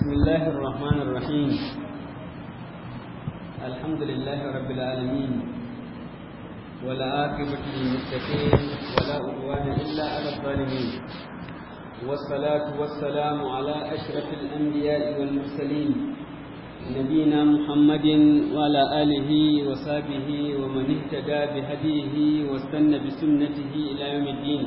بسم الله الرحمن الرحيم الحمد لله رب العالمين عاقبة للمتقين ولا عدوان إلا على الظالمين والصلاة والسلام على أشرف الأنبياء والمرسلين نبينا محمد وعلى آله وصحبه ومن اهتدى بهديه واستنى بسنته إلى يوم الدين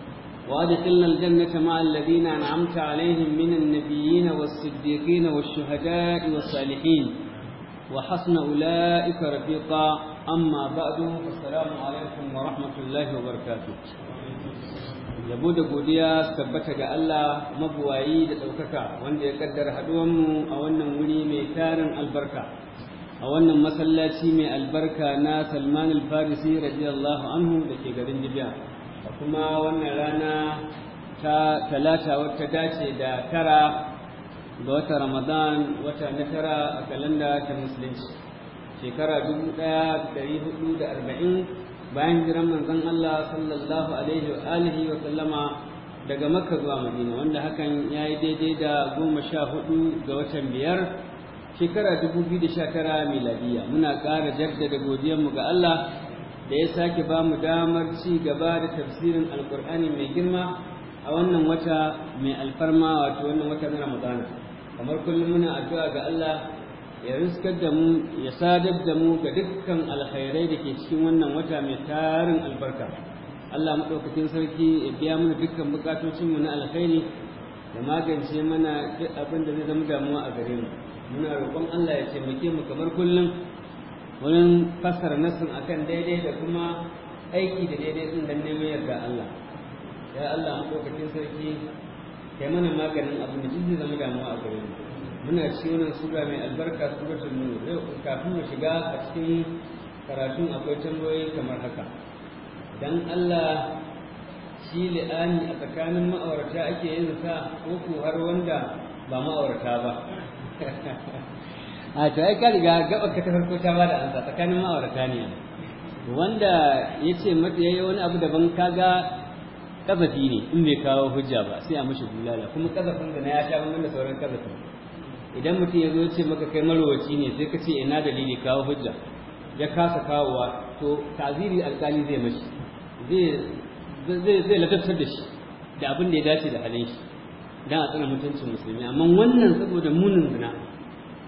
وادخلنا الجنة مع الذين أنعمت عليهم من النبيين والصديقين والشهداء والصالحين وحسن أولئك رفيقا أما بعد فالسلام عليكم ورحمة الله وبركاته yabo da godiya su tabbata ga Allah mabuwayi da ɗaukaka wanda ya kaddara haɗuwanmu a wannan wuri mai tarin albarka a wannan masallaci mai albarka na Salman al-Farisi radiyallahu anhu da ke garin Libya kuma wannan rana ta talata wata dace da tara ga wata ramadan wata na tara a kalanda ta musulunci shekara arba'in, bayan jiran manzon Allah sallallahu alaihi wa alihi wa sallama daga makka zuwa madina wanda hakan ya yi daidai da goma sha hudu ga watan biyar shekara 2019 miladiya muna ƙara jaddada godiyanmu ga Allah da ya sake ba mu damar ci gaba da tafsirin alkur'ani mai girma a wannan wata mai alfarma wato wannan wata na ramadana kamar kullum muna addu'a ga Allah ya riskar da mu ya sadar da mu ga dukkan alkhairai da ke cikin wannan wata mai tarin albarka Allah maɗaukakin sarki ya biya mana dukkan mu na alkhairi da magance mana duk abin da zai zama damuwa a gare mu muna roƙon Allah ya taimake mu kamar kullum wurin fassara nassin akan daidai da kuma aiki da daidai sun dan neman yarda Allah ya Allah lokacin sarki kai mana maganin abu da jiji zama damuwa a gare muna ci wannan sura mai albarka suratul nur kafin mu shiga a cikin karatun akwai tambayoyi kamar haka dan Allah shi li'ani a tsakanin ma'aurata ake yin sa ko har wanda ba ma'aurata ba a to ai ka riga gaba ka ta farko ta bada ansa tsakanin ma'aurata ne wanda ya ce mata yayi wani abu daban kaga kazafi ne in bai kawo hujja ba sai a mashi bulala kuma kazafin da na ya sha wannan da sauran kazafi idan mutum ya zo ce maka kai marwaci ne sai ka ce ina dalili kawo hujja ya kasa kawowa to taziri alkali zai mashi zai zai ladabtar da shi da abin da ya dace da halin shi dan a tsana mutuncin musulmi amma wannan saboda munin zina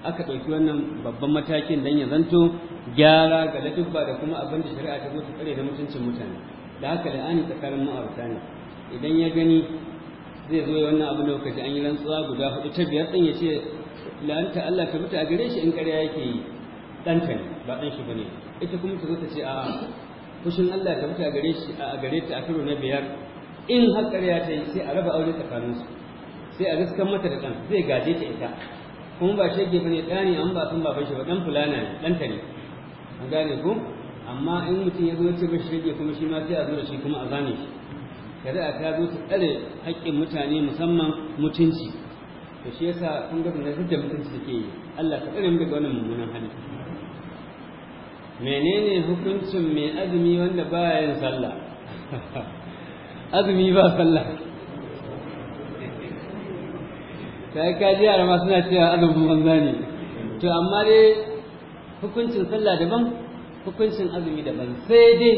aka ɗauki wannan babban matakin don ya zanto gyara ga ladubba da kuma abin da shari'a ta mutu tsare da mutuncin mutane da haka da ani tsakanin ma'aurata ne idan ya gani zai zo wannan abin lokaci an yi rantsuwa guda hudu ta biyar ɗin ya ce la'anta Allah ta mutu a gare shi in ƙarya yake yi ɗanta ne ba ɗan shi ba ne ita kuma ta zo ta ce a fushin Allah ta mutu a gare shi a gare ta a karo na biyar in har ƙarya ta yi sai a raba aure tsakaninsu sai a riskan mata da ɗan zai gaje ta ita kuma ba shege bane dani an ba san baban shi ba dan fulana ne dan tare ne an gane ku amma in mutum ya zo ce ba shege kuma shi ma sai a zo da shi kuma a zane shi a ta zo ta tsare haƙƙin mutane musamman mutunci to shi yasa kun ga tunan da mutunci suke yi Allah ka tsare mu daga wannan mummunan hali menene hukuncin mai azumi wanda ba yin sallah azumi ba sallah kai ka ji yara ma suna cewa azumin banza ne to amma dai hukuncin sallah daban hukuncin azumi daban sai dai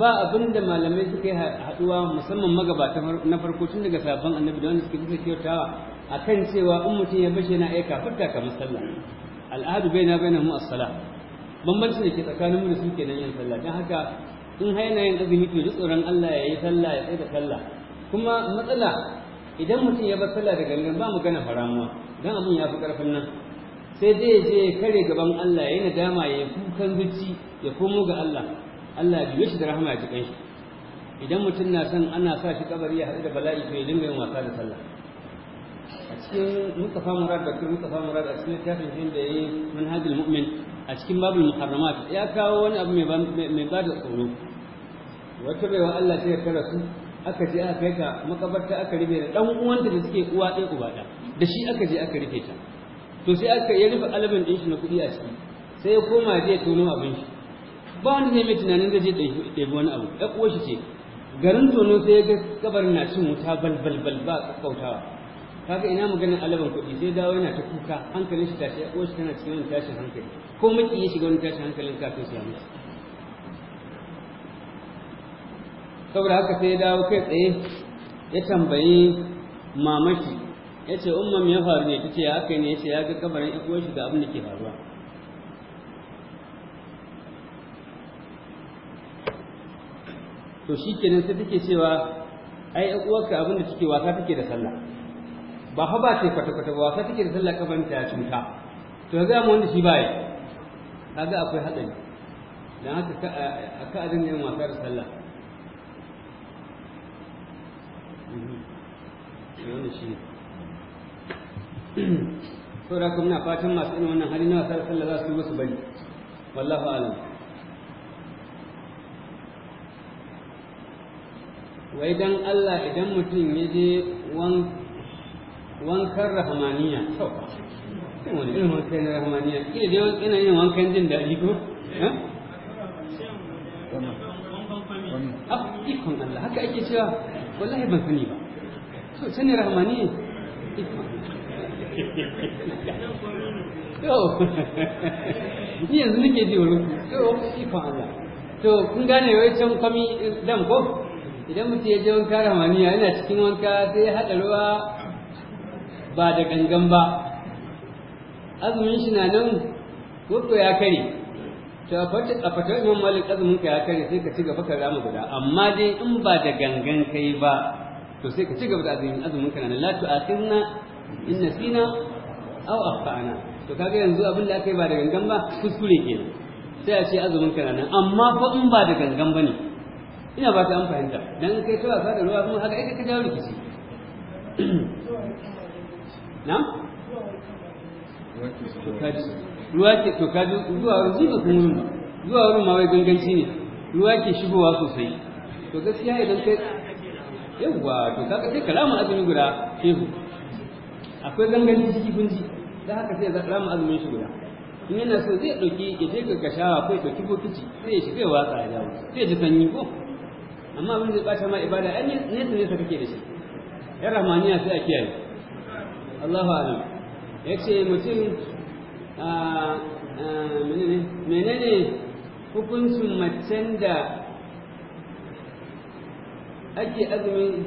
ba abin da malamai suka yi haɗuwa musamman magabata na farko tun daga sabon annabi da wanda suka bisa kyautawa kan cewa in mutum ya bashe na aika furta kamar sallah al'adu bai na bai na mu asala bambancin da ke tsakanin mu da suke nan yin sallah don haka in haina yin azumi to ji tsoron Allah ya yi sallah ya tsaye da sallah kuma matsala idan mutum ya bar sallah da gangan ba mu magana faramuwa dan abin ya fi karfin nan sai dai je kare gaban Allah ya yi nadama ya kukan zuci ya komo ga Allah Allah biyo shi da rahama ya ji kanshi idan mutum na son ana sa shi kabari ya haɗu da bala'i to ya dinga yin wasa da sallah a cikin Mustafa Murad Bakir Mustafa Murad a cikin littafin shi da yi Manhajul Mu'min a cikin babul muharramat ya kawo wani abu mai ba da tsoro wata wa Allah sai ya karasu aka je aka kai ta makabarta aka rufe da dan uwanta da suke uwa ɗaya uba ɗaya da shi aka je aka rufe ta to sai aka ya rufe alaban din shi na kuɗi a ciki sai ya koma zai tono abin shi ba wanda zai mai tunanin zai je ɗaibi wani abu ɗan shi ce garin tono sai ya ga kabarin na cin wuta bal bal ba kautawa kaga ina maganin alaban kuɗi sai dawo yana ta kuka hankalin shi tashi ya uwar shi tana cikin wani tashin hankali ko maki ya shiga wani tashin hankalin kafin su ya mutu saboda haka sai ya dawo kai tsaye ya tambayi mamaki ya ce umar ya faru ne ta ce ya aka ne ya ce ya ga kabarin ikuwar shi ga abin da ke faruwa to shi kenan sai take cewa ai uwarka abin da take wasa take da sallah ba fa ba ce kwata-kwata ba wasa take da sallah kabarin ta ya cuta to ya mu wanda shi baya kaga akwai haɗari don haka a ka'adin yin wasa da sallah saboda muna fatan masu irin wannan hali na wai dan Allah idan mutum ya je wankan rahamaniya wani irin wankan rahamaniya kila dai yana yin wankan jin daɗi ko eh? ikon Allah haka ake cewa wallahi ban sani ba so sani rahmani to ni yanzu nake ji wani to fa Allah to kun gane wai can kwami dam ko idan mutum ya je wanka ya yana cikin wanka sai ya haɗa ruwa ba da gangan ba azumin shi na nan wato ya kare ta a fatar imam malik azumin ka ya kare sai ka ci gaba ka rama guda amma dai in ba da gangan kai ba to sai ka ci gaba da azumin ka na la ina in nasina aw akhtana to kaga yanzu abin da aka yi ba da gangan ba kuskure ke sai a ce azumin ka nan amma fa in ba da gangan bane ina ba ta an fahimta dan kai to sa da ruwa kuma haka ai ka jawo rikici na'am ruwa ke to kaji zuwa ruzi ba kun ba zuwa ruwa ma wai ganganci ne ruwa ke shigowa sosai to gaskiya idan kai yawwa to kaga sai kalamun azumi guda shehu akwai ganganci ciki kun ji da haka sai za kalamun azumin shi guda in yana so zai ɗauki ya je ga kashawa ko ya kibo kici sai ya shiga ya watsa ya dawo sai ya ji sanyi ko amma abin zai bata ma ibada ai ne nesa kake da shi yan rahmaniya sai a kiyaye Allahu a'lam yace mutum menene hukuncin macen da ake azumi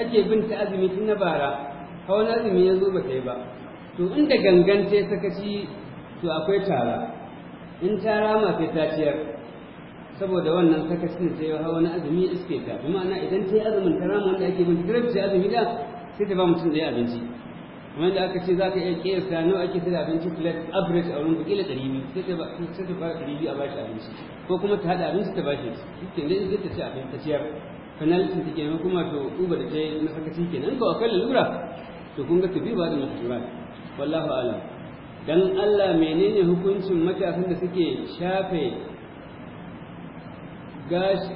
ake binta azumi tun na bara hawan azumi ya zo ba ta yi ba to inda gangan ta sakaci to akwai tara in tara ma sai ta ciyar saboda wannan ne ta yi hawan azumi iske ta kuma ana idan ta yi azumin tara ma wanda ake binta ta azumi da sai ta ba mutum da ya abinci kamar aka ce za ka iya kiyasta nawa ake sai da abinci plate average a wurin kila ɗari biyu sai ta sai ta fara ɗari biyu a bashi abinci ko kuma ta haɗa abinci ta bashi shi ne zai ta ci abinci ta ciyar penalty ta kenan kuma to uba da ta yi na sakaci ba lura to kun ga ta biyu ba da mahimmanci wallahu alam dan Allah menene hukuncin matasan da suke shafe gashi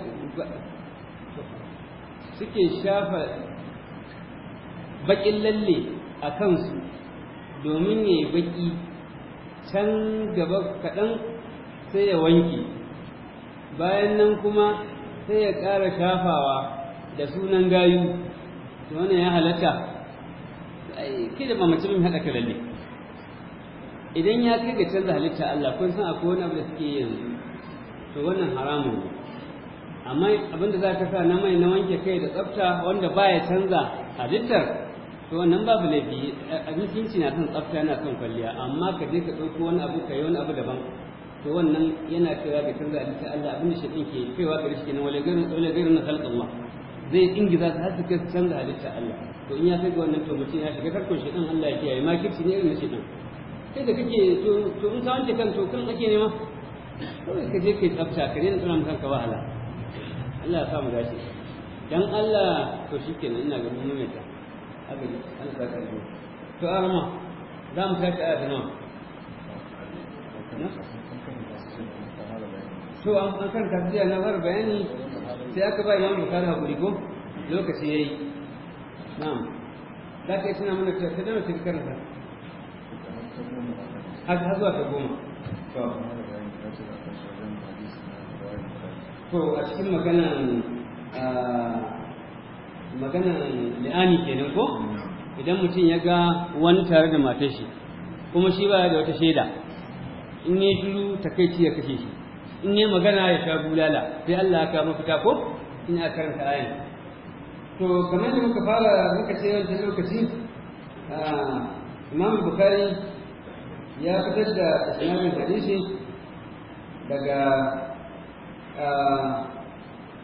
suke shafa bakin lalle a kansu domin ya yi baƙi can gaba kaɗan sai ya wanke bayan nan kuma sai ya ƙara shafawa da sunan gayu to wannan ya halatta ke da mamacin min haɗa kalalle idan ya kai ga canza halitta Allah kun san akwai wani abu da suke yanzu to wannan haramun ne amma abinda za ka sa na mai na wanke kai da tsafta wanda ba ya canza halittar to wannan babu laifi abinci na son tsafta yana son kwalliya amma ka je ka ɗauko wani abu ka yi wani abu daban to wannan yana kaiwa ga canza halitta Allah abin da shi ke kaiwa ga rishi ne wala gairin na khalqallah zai ingiza su har su kai canza halitta Allah to in ya kai ga wannan to mutum ya shiga shi shaɗin Allah ya kiyaye makirci ne irin na shaɗin kai da kake to to in ka wanke kan to kan ake nema kawai ka je kai tsafta ka daina tsara mutan ka wahala Allah ya samu gashi dan Allah to shikenan ina ga mun mai abin an saka ne to arma za mu tashi aya nawa to an kan tafiya na har bayani sai aka ba imam bukari hakuri ko lokaci yayi na'am za ka yi tuna mana cewa sai dama sai karanta har zuwa ta goma to a cikin maganan ah, magana li'ani kenan ko idan mutum ya ga wani tare da matar shi kuma shi ba da wata shaida in ne ta takaici ya kashe shi in ne magana ya sha bulala sai Allah ya kawo mafita ko in ya karanta ayan to kamar da muka fara muka ce wancan lokaci Imam bukari ya fitar da isnadin hadisi daga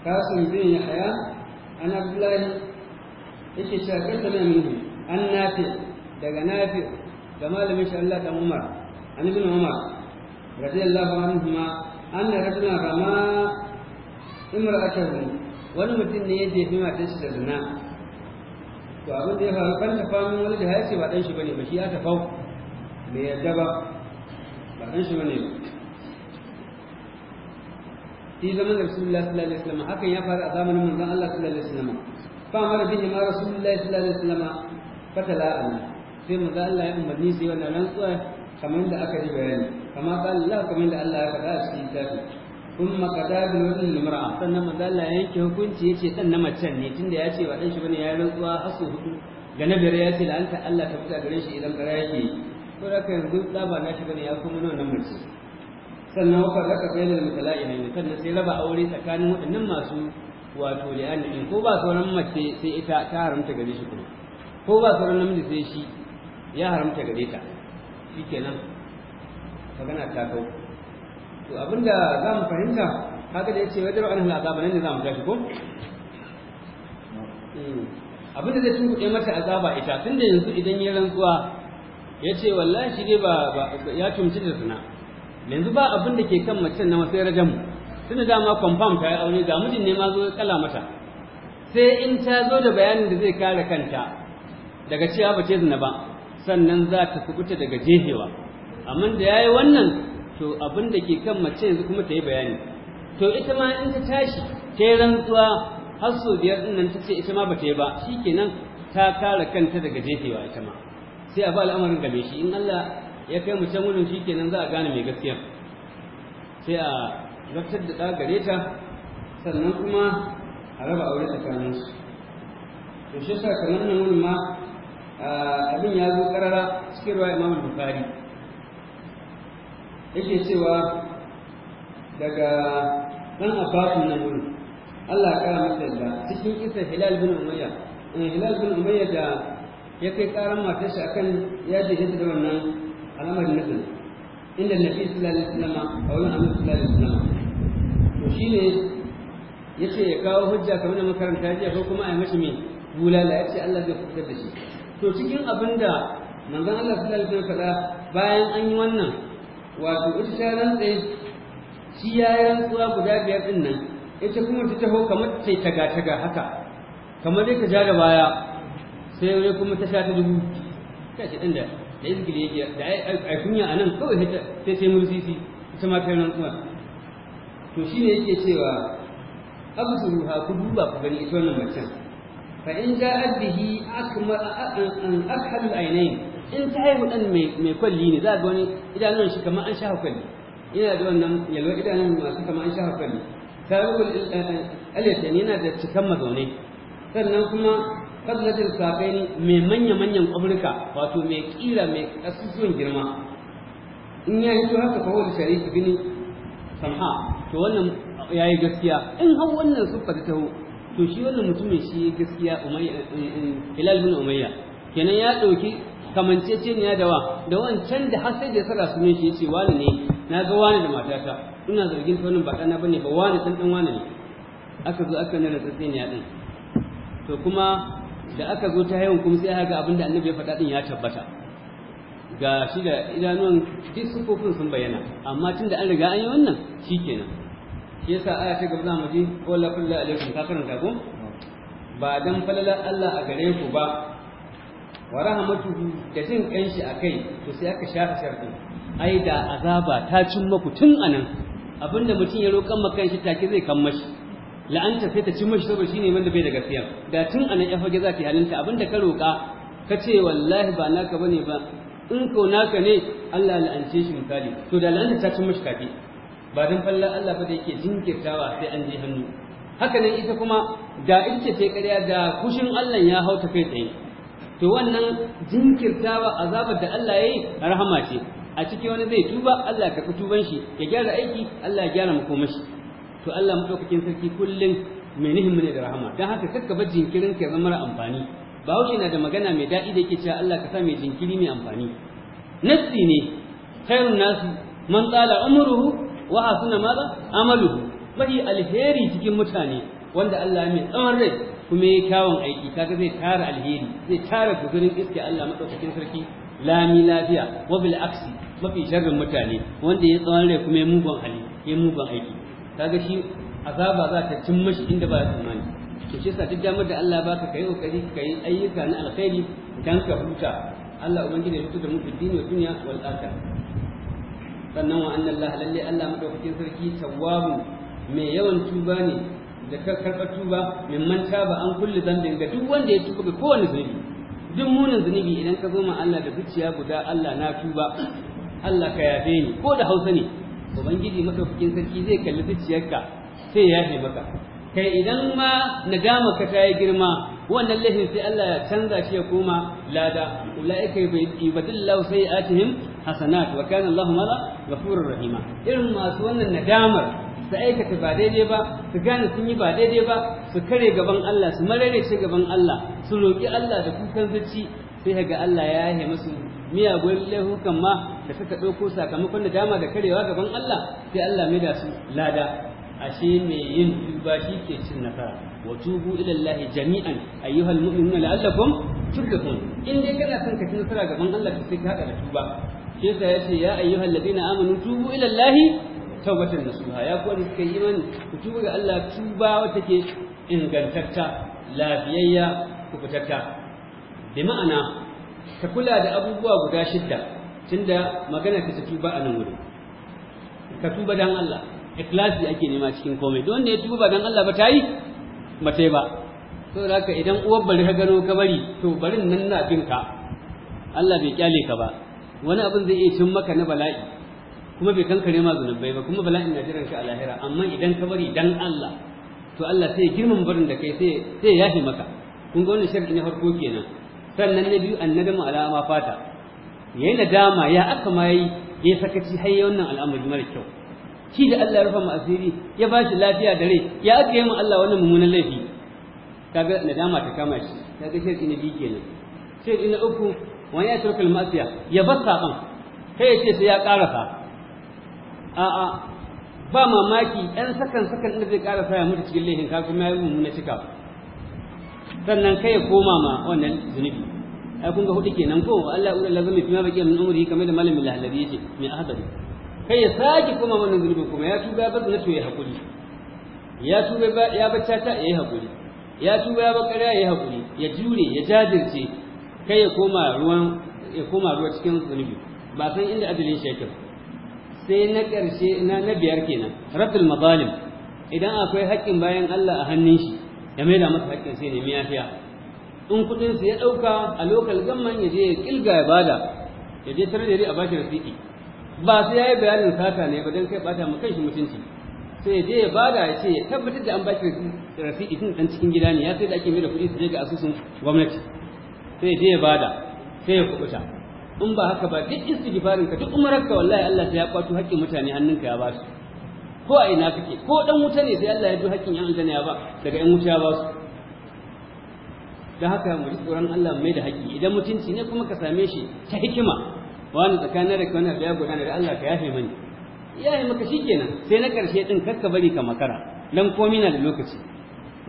kasim bin Yahya an abdullahi yake cewa kanta na minhu an nafi daga nafi da malamin shi Allah dan Umar an ibn Umar radiyallahu anhuma anna rajulan rama imra'atahu wani mutum ne ya jefi shi da zina to abin da ya faru kan ta famu wani da ya ce ba dan shi bane ba shi ya tafau me yarda ba ba dan shi bane ba في زمن رسول الله صلى الله عليه وسلم حكا يفعل أزامن من الله صلى الله عليه وسلم فأمر بهما رسول الله صلى الله عليه وسلم فتلاءنا sai manzo Allah ya umarni sai wannan rantsuwa kamar da aka ji bayani kama qala Allah kamar da Allah ya faɗa a cikin tafi kuma kada bi wannan limra sannan ya yanke hukunci yace dan na macen ne tunda ya ce ba dan shi bane ya rantsuwa asu hudu ga na biyar ya ce la'anta Allah ta fita gare shi idan bara yake to haka yanzu da ba na shi bane ya kuma nan mace sannan wakar raka bainal ne sannan sai raba aure tsakanin waɗannan masu wato da li'ani din ko ba sauran mace sai ita ta haramta gare shi kuma ko ba sauran namiji sai shi ya haramta gare ta shikenan magana ta kau to abinda za mu fahimta haka da yace wajen anhu azaba nan ne za mu tashi ko hmm. abinda zai tunkuɗe mata azaba ita tunda yanzu idan ya rantsuwa ya ce wallahi shi dai ba ya tumci da sana'a yanzu ba abin da ke kan mace na masai rajamu tunda dama confirm ta yi aure ga mijin ne ma zo kala mata sai in ta zo da bayanin da zai kare kanta daga cewa ba ce zina ba sannan za ta kubuta daga jehewa amma da yayi wannan to abin da ke kan mace yanzu kuma ta yi bayani to ita ma in ta tashi ta yi rantsuwa har sau biyar din nan ta ce ita ma ba ta yi ba shikenan ta kare kanta daga jehewa ita ma sai a ba al'amarin game shi in Allah ya kai mu can wurin shikenan za a gane mai gaskiya sai a zartar da ɗagare ta sannan kuma a raba aure tsakaninsu to shi sa kanan nan wurin ma abin ya zo karara cikin ruwa imam bukari yake cewa daga ɗan abbasin nan wurin Allah ya kara masa yadda cikin kisan hilal bin umayya eh, hilal bin umayya da ya kai karan matarsa akan ya je da wannan al'amar nufin inda nabi sallallahu alaihi wasallam a wurin annabi sallallahu alaihi wasallam to shi ne ya kawo hujja kamar da makaranta jiya ko kuma a yi mashi me bulala ce Allah zai fitar da shi to cikin abinda manzan Allah sula da wasallam faɗa bayan an yi wannan wato ita ta rantse shi ya rantsuwa guda biyar din nan ita kuma ta taho kamar ta taga taga haka kamar dai ta ja da baya sai wani kuma ta sha ta dubu ta shi ɗin da da izgili ya da ai kunya anan kawai sai sai mursisi ita ma kai nan kuma to shi ne yake cewa abduru ha ku duba ku gani ita wannan macen fa in ja'at bihi akmal an akhal al-aynayn in ta haihu dan mai kwalli ne za ga wani idanun shi kamar an shafa kwalli ina da wannan yalwa idanun masu kamar an shafa kwalli tarihul wani eh, eh, yatan yana da cikan mazaune sannan kuma safe kafin mai manya-manyan kwamurka wato mai kira mai kasusuwan girma in ya hito haka fa wani sharif gini samha to wannan ya yi gaskiya in hau wannan su ta taho to shi wannan mutumin shi gaskiya eh, eh, hilal bin umayya kenan ya ɗauki kamanceceniya da wa da wancan da har sai da sara sunan shi ce, wani ne na ga wani da matata ina zargin ta wannan ba ɗana bane ba wani san dan wani ne aka zo aka nana tsatseniya din to kuma da aka zo ta yau kuma sai haka abinda annabi ya faɗa din ya tabbata ga shi da idanun duk sufofin sun bayyana amma tun da an riga an yi wannan shi kenan. shi yasa aya ta gaba za mu ji qul kullu alaikum ka karanta ko ba dan falala Allah a gare ku ba wa rahmatuhu da jin kanshi akai to sai aka shafa sharbi ai da azaba ta cin muku tun anan abinda mutum ya roƙan makan shi take zai kammashi la'anta sai ta ci mashi saboda shine wanda bai da gaskiya da tun anan ya fage za ta halinta abinda ka roƙa ka ce wallahi ba naka bane ba in ko naka ne Allah la'ance shi misali to da la'anta ta ci mashi kafi ba dan falla Allah ba da yake jinkirtawa sai an je hannu haka nan ita kuma da ita ce kariya da kushin Allah ya hauta kai tsaye to wannan jinkirtawa azabar da Allah yayi rahama ce a cikin wani zai tuba Allah ka tuban shi ya gyara aiki Allah ya gyara makomashi to Allah madaukakin sarki kullum mai nihin ne da rahama dan haka kakka bar jinkirin ka zama amfani Bahaushe na da magana mai daɗi da yake cewa Allah ka sa mai jinkiri mai amfani nassi ne khairun nasu man tsala umruhu wa hasuna maza amaluhu mafi alheri cikin mutane wanda Allah mai tsawon rai kuma ya kyawun aiki kaga zai tara alheri zai tara guzurin iske Allah madaukakin sarki lami lafiya wa bil aksi mafi sharrin mutane wanda ya tsawon rai kuma ya mugun hali ya mugun aiki kaga shi azaba za ka cin mashi inda ba ya tsammani to shi yasa duk damar da Allah baka kai kokari kai ayyuka na alkhairi dan ka huta Allah ubangiji ya hutu da mu dini wa dunya wal akhirah sannan wa anna Allah lalle Allah madaukakin sarki tawwabu mai yawan tuba ne da ka karɓar tuba min manta ba an kulli zambin ga duk wanda ya tuba ga kowane zunubi duk munin zunubi idan ka zo ma Allah da zuciya guda Allah na tuba Allah ka yafe ni ko da Hausa ne ubangiji madaukakin sarki zai kalli zuciyarka sai ya yi maka kai idan ma nadama ka ta yi girma wannan lahin sai Allah ya canza shi ya koma lada ulaika yubadillahu sayi'atihim hasanat wa kana Allahu mala ghafurur rahima irin masu wannan nadamar su aikata ba daidai ba su gane sun yi ba daidai ba su kare gaban Allah su shi gaban Allah su roƙi Allah da kukan zuci sai ga Allah ya yi musu miyagun laifukan ma da suka ɗauko sakamakon da dama da karewa gaban Allah sai Allah mai da su lada ashe mai yin duba shi ke cin nasara wa tubu ila Allah jami'an ayyuhal mu'minuna la'allakum tuflihun in dai kana son ka ci nasara gaban Allah sai ka haɗa da tuba shi yasa yace ya ayyuhal ladina amanu tubu ila Allah tawbatan nasuha ya kuwa suka yi imani ku tuba ga Allah tuba wata ke ingantatta lafiyayya ku fitatta bi ma'ana ka kula da abubuwa guda shidda tunda magana ka ta tuba a nan wurin ka tuba dan Allah ikhlasi ake nema cikin komai don ne tuba dan Allah ba ta yi yi ba to haka idan uwar bari ka gano ka bari to barin nan na bin ka Allah bai kyale ka ba wani abin zai iya cin maka na bala'i kuma bai kankare ma zunubai ba kuma bala'in na jiran ka a lahira amma idan ka bari dan Allah to Allah sai girman barin da kai sai sai yafi maka kun ga wannan sharadi na farko kenan sannan na biyu annabi mu alama fata da dama ya aka ma yi, ya sakaci har yayi wannan al'amari mara kyau shi da Allah ya rufa mu asiri ya ba shi lafiya da rai ya aka yi mu Allah wannan mummunan laifi kaga dama ta kama shi kaga shirki na biyu kenan sai na uku wani ya turkul masiya ya bar saƙon kai ya ce sai ya a a'a ba mamaki ɗan sakan sakan da zai karasa ya mutu cikin laifin kafin ya yi mummunan cika sannan kai ya koma ma wannan zunubi ai kun ga hudu kenan ko Allah ya lazami fi ma bakin min umri kamar da malamin lahlabi yake mai ahadari kai ya saki koma wannan zunubin kuma ya tuba ya zuna to ya hakuri ya tuba ya bacca ta ya hakuri ya tuba ya bakara ya hakuri ya jure ya jajirce kai ya koma ruwan ya koma ruwa cikin zunubi ba san inda adalin shi yake sai na ƙarshe na na biyar kenan raddul mazalim idan akwai haƙƙin bayan Allah a hannun shi ya da masa haƙƙin sai nemi yafiya in kuɗin ya ɗauka a lokal gamman ya je kilga ya bada ya je tarjari a bashi rasiki ba sai ya yi bayanin sata ne ba don kai bata mu kanshi mutunci sai ya je ya bada ya ce ya tabbatar da an bashi rasiki tun dan cikin gida ne ya sai da ake mai da kuɗi su je ga asusun gwamnati sai ya je ya bada sai ya kubuta in ba haka ba duk istighfarin ka duk umararka wallahi Allah sai ya kwato haƙƙin mutane hannunka ya ba su ko a ina kake ko dan wuta ne sai Allah ya ji hakkin yan aljanna ya ba daga yan wuta ya ba su da haka mu ji tsoron Allah mai da haƙƙi idan mutunci ne kuma ka same shi ta hikima wani tsakanin da wani da ya gudana da Allah ka yafe mani yaye maka shikenan sai na karshe din kakka bari ka makara dan komi na da lokaci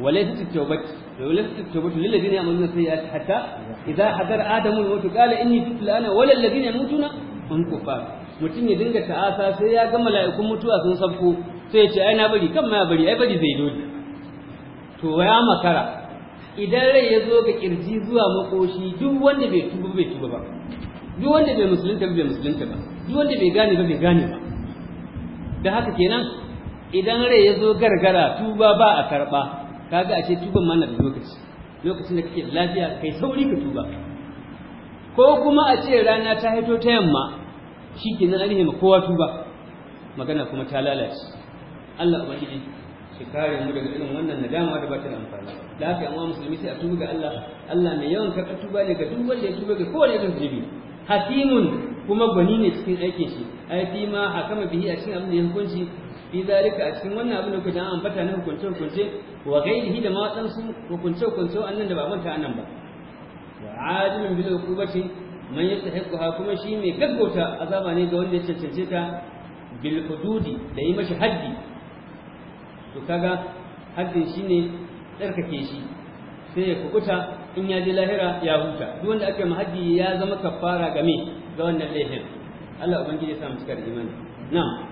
walaysat at-tawbat walaysat at-tawbat lil ladina yamaluna sayyi'at hatta idha hadara adamu al-maut qala inni tubtu ana wal ladina mutum ya dinga ta'asa sai ya ga mala'ikun mutuwa sun sabko sai ya ce ai na bari kan ma ya bari ai bari zai dole to ya makara idan rai ya zo ga kirji zuwa makoshi duk wanda bai tuba bai tuba ba duk wanda bai musulunta bai musulunta ba duk wanda bai gane ba bai gane ba da haka kenan idan rai ya zo gargara tuba ba a karba kaga a ce tuban mana da lokaci lokacin da kake lafiya kai sauri ka tuba ko kuma a ce rana ta haito ta yamma shi ke nan ainihin ma kowa tuba magana kuma ta lalace Allah ji shi kare mu daga irin wannan nadama da ba ta amfani da haka yan musulmi sai a tuba ga Allah Allah mai yawan karɓar tuba ne ga duk wanda ya tuba ga kowane irin zunubi hakimun kuma gwani ne cikin aikin shi ai fi ma hakama bihi a cikin abin da ya hukunci fi zalika a cikin wannan abin da kuka an fata na hukunce hukunce wa gairihi da ma waɗansu hukunce hukunce annan da ba manta annan ba wa ajimin bil hukubati man yastahiquha kuma shi mai gaggauta azaba ne ga wanda ya cancance ta bil hududi da yi mashi haddi to kaga haddin shine tsarkake shi sai ya kukuta in ya je lahira ya huta duk wanda aka yi haddi ya zama kafara ga me ga wannan laifin Allah ubangiji ya sa mu da imani na'am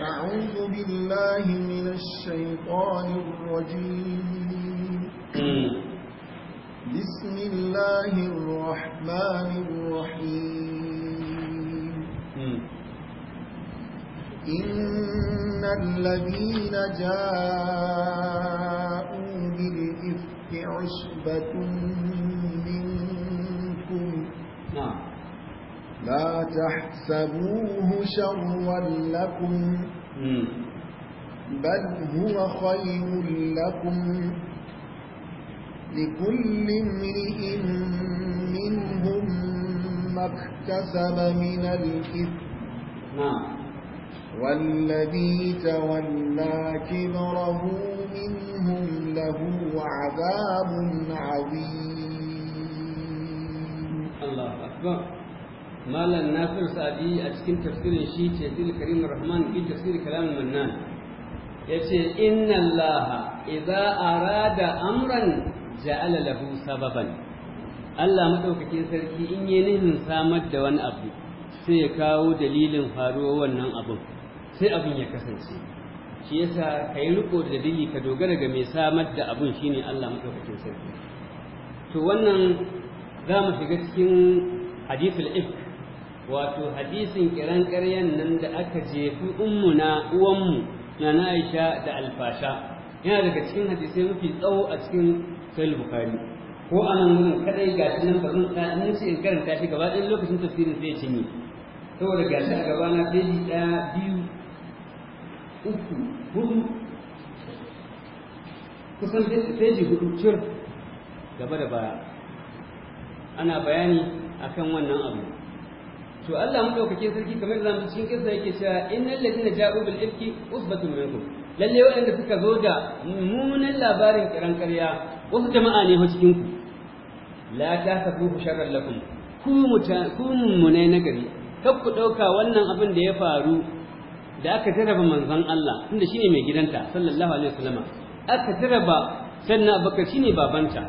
أعوذ بالله من الشيطان الرجيم بسم الله الرحمن الرحيم إن الذين جاءوا بالإفك عشبة منكم نعم. لا تحسبوه شرا لكم بل هو خير لكم لكل امرئ منهم ما اكتسب من الإثم نعم والذي تولى كبره منهم له عذاب عظيم الله أكبر مالا نافر سعدي أتكين تفسير شيء تفسير كريم الرحمن في تفسير كلام المنان yace inna allaha idza arada amran ja'ala lahu sababan Allah madaukakin sarki in yi nihin samar da wani abu sai ya kawo dalilin faruwar wannan abu sai abin ya kasance shi yasa kai riko da dalili ka dogara ga mai samar da abun shine Allah madaukakin sarki to wannan za mu shiga cikin hadithul ifk wato hadisin kiran ƙaryan nan da aka jefi ummuna uwanmu na Aisha da alfasha yana daga cikin hadisai mafi tsawo a cikin sai bukhari ko a nan wurin kadai ga nan ba zan ta in ce in karanta shi gaba ɗaya lokacin tafsirin sai ya cinye saboda ga shi a gaba na sai ɗaya biyu uku hudu kusan sai hudu cir gaba da baya ana bayani akan wannan abu to Allah mu madaukakin sarki kamar da zamu cikin kissa yake cewa innal ladina ja'u bil ifki usbatun minkum lalle waɗanda suka zo da mummunan labarin kiran ƙarya wasu jama'a ne cikin ku la ta sabu sharran lakum ku muta ku mummunai nagari kar ku dauka wannan abin da ya faru da aka taraba manzon Allah inda shi ne mai gidanta sallallahu alaihi wasallama aka taraba sannan shi ne babanta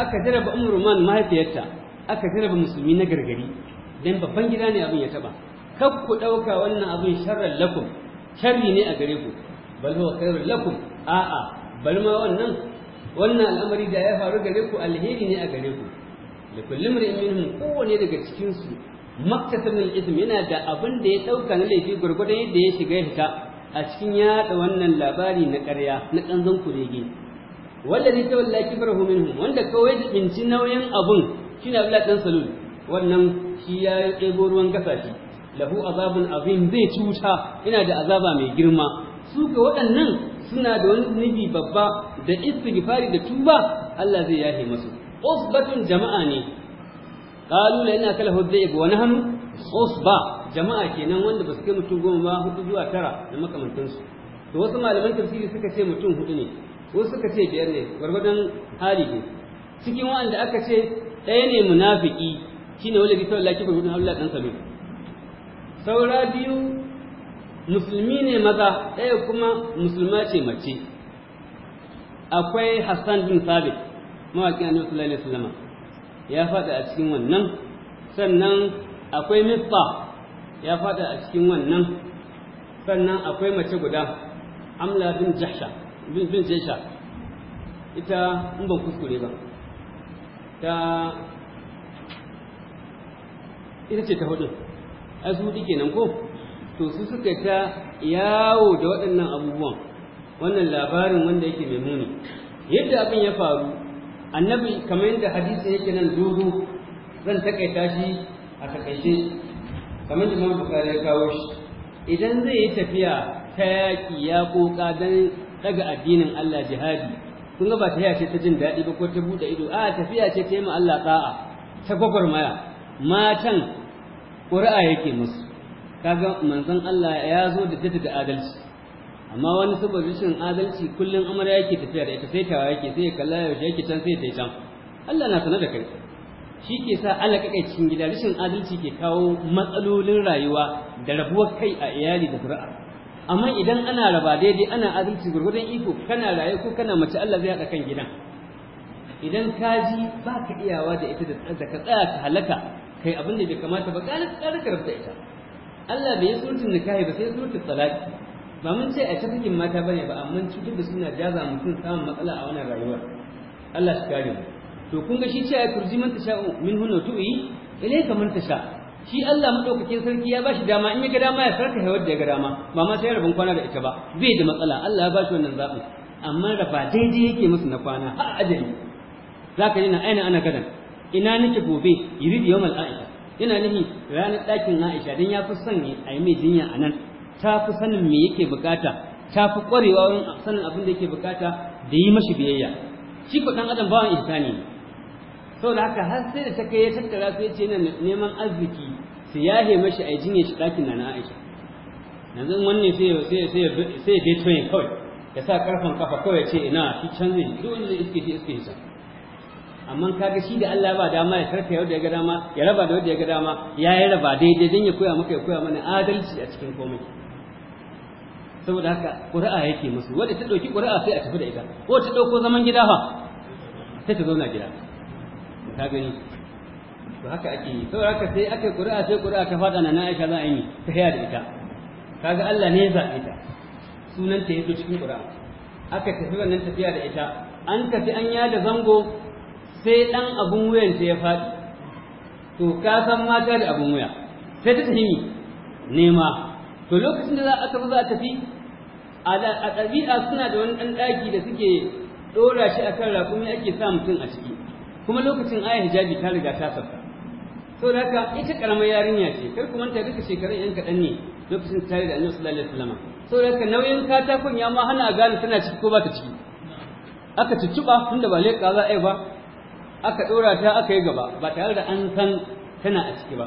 aka taraba umru man mahaifiyarta aka taraba musulmi na gargari dan babban gida ne abin ya taba kar ku dauka wannan abin sharar lakum sharri ne a gare ku bal huwa khairul lakum a'a bal ma wannan wannan al'amari da ya faru gare ku alheri ne a gare ku da kullum da yin kowane daga cikinsu su maktasar ism yana da abin da ya ɗauka na laifi gwargwadon yadda ya shiga ya fita a cikin yada wannan labari na ƙarya na kanzon kurege wanda ne ta wallaki farahu minhum wanda kawai da binci nauyin abun shine Abdullah dan Salul wannan shi ya yi ɗebo ruwan shi lahu azabun abin zai cuta yana da azaba mai girma su ga waɗannan suna da wani zunubi babba da istighfari da tuba Allah zai yafe musu usbatun jama'a ne qalu la inna kala hudayb wa nahnu usba jama'a kenan wanda ba su kai mutum goma ba hudu zuwa tara da su to wasu malaman tafsiri suka ce mutum hudu ne wasu suka ce biyar ne gwargwadon hali ne cikin wa'anda aka ce ɗaya ne munafiki shine wanda bi sallallahu alaihi hudu sallam Allah dan sabi saura biyu musulmi ne maza ɗaya kuma musulma ce mace akwai hassan bin sabit mawaƙin annabi sallallahu alaihi ya faɗa a cikin wannan sannan akwai mista ya faɗa a cikin wannan sannan akwai mace guda amla bin jahsha bin bin ita in ban kuskure ba ta ita ce ta hudu ai su hudu kenan ko to su suka ta yawo da waɗannan abubuwan wannan labarin wanda yake mai muni yadda abin ya faru annabi kamar yadda hadisi yake nan dogo zan takaita shi a takaice kamar da Imam ya kawo shi idan zai yi tafiya ta yaƙi ya koka don daga addinin Allah jihadi kun ga ba tafiya ta jin daɗi ba ko ta buɗe ido a tafiya ce ta yi ma Allah ta'a ta gwagwarmaya matan ƙuri'a yake musu kaga manzon Allah ya zo da tafi da adalci amma wani saboda rashin adalci kullum amarya yake tafiya da ita sai tawa yake sai ya kalla yake can sai ta yi can Allah na sanar da kai shi ke sa Allah cikin gida rashin adalci ke kawo matsalolin rayuwa da rabuwar kai a iyali da zuri'a amma idan ana raba daidai ana adalci gurgurdan iko kana raye ko kana mace Allah zai haɗa kan gidan idan ka ji ba ka iyawa da ita da ka tsaya ka halaka kai abin da bai kamata ba ka ka rabta ita Allah bai yi surutun nikahi ba sai surutun talaki ba mun ce a cikin mata bane ba amma cutar da suna jaza mutum samun matsala a wannan rayuwar Allah shi kare mu to kun ga shi ce ya turji man tasha min hunu tu'i ilayka man tasha shi Allah madaukakin sarki ya bashi dama in ya ga dama ya sarka hawar da ya ga dama ba ma sai rabin kwana da ita ba bai da matsala Allah ya bashi wannan zabi amma da ba daidai yake musu na kwana har ajali zaka yi na aina ana gadan ina nake gobe da yawmal a'id ina nufi ranar ɗakin Aisha dan ya fi son a yi mai jinya a nan ta fi sanin me yake bukata ta fi ƙwarewa wurin sanin abin da yake bukata da yi mashi biyayya shi ko dan adam bawan ihsani ne da haka har sai da ta kai ya tattara ya ce yana neman arziki su ya mashi a jinya shi ɗakin na Aisha yanzu wannan sai sai sai sai bai kawai ya sa karfan kafa kawai ce ina shi can zai duk wanda iske shi iske shi amma kaga shi da Allah ba dama ya karfe yau da ya ga dama ya raba da yau da ya ga dama ya yi raba daidai don ya koya maka ya koya mana adalci a cikin komai saboda haka ƙuri'a yake musu wanda ta ɗauki ƙuri'a sai a tafi da ita ko ta ɗauko zaman gida fa sai ta zauna gida ka gani to haka ake yi saboda haka sai aka yi ƙuri'a sai ƙuri'a ta faɗa na na aisha za a yi ta haya da ita kaga Allah ne ya zaɓe ta sunanta ya zo cikin ƙuri'a aka tafi wannan tafiya da ita an tafi an yada zango sai ɗan abun sai ya faɗi to ka san mata da abun wuya sai ta tafi nema to lokacin da za a tafi za a tafi a ɗabi'a suna da wani ɗan ɗaki da suke ɗora shi kan raƙumi ake sa mutum a ciki kuma lokacin aya hijabi ta riga ta sauka to da haka ita karamar yarinya ce kar ku manta duka shekarun yan kaɗan ne lokacin tare da annabi sallallahu alaihi wasallam to da haka nauyin katakon ya ma hana gane tana ciki ko ba ta ciki aka tun da ba leƙa za a yi ba aka ɗora ta aka yi gaba ba tare da an san tana a ciki ba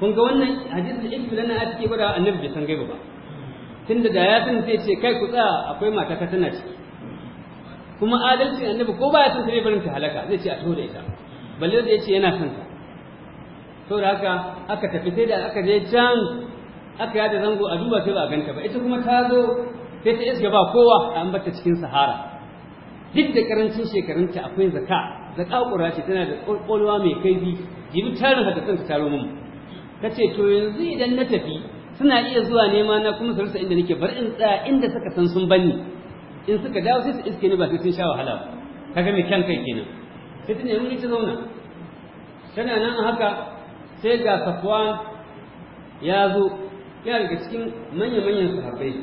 kun ga wannan hadisin ibnu lana a ciki gwada annabi bai san gaiba ba tunda da ya san zai ce kai ku tsaya akwai mata ka tana ciki kuma adalcin annabi ko ba ya san sai barin ta halaka zai ce a taho da ita balle zai ce yana son ta saboda haka aka tafi sai da aka je can aka yada zango a duba sai ba a ganta ba ita kuma ta zo sai ta iska ba kowa an bata cikin sahara duk da karancin shekarunta akwai zaka da ƙaƙura ce tana da ƙwaƙwalwa mai kaifi jibi tarin haka ka taro mun ka ce to yanzu idan na tafi suna iya zuwa nema na kuma su inda nake bar in tsaya inda suka san sun bani in suka dawo sai su iske ni ba sai sun sha wahala ba kaga mai kyan kai kenan sai ta nemi ta zauna tana nan haka sai ga safwan ya zo yana daga cikin manya-manyan sahabbai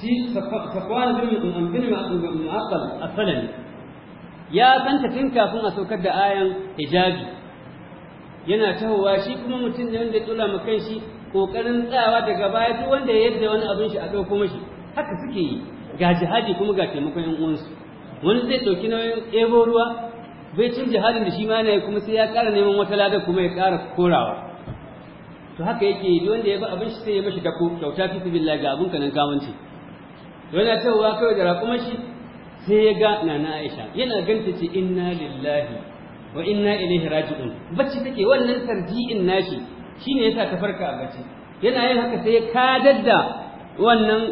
shi safwan bin bin mu'aqqal asalan ya santa tun kafin a saukar da ayan hijabi yana tahowa shi kuma mutum ne wanda ya tsula ma kanshi kokarin tsawa daga baya duk wanda ya yadda wani abin shi a dauko mashi haka suke yi ga jihadi kuma ga taimakon yan uwansu wani zai dauki nauyin ebo ruwa bai cin jihadin da shi ma yana kuma sai ya ƙara neman wata ladar kuma ya ƙara korawa to haka yake duk wanda ya bi abin shi sai ya mashi dako kyauta fi sabilillah ga ka kanan kawanci yana tawowa kawai da raƙuma shi sai ya ga nana Aisha yana ganta ce inna lillahi wa inna ilaihi raji'un bacci take wannan tarji'in nashi shine yasa ta farka a bacci yana yin haka sai ya kadar wannan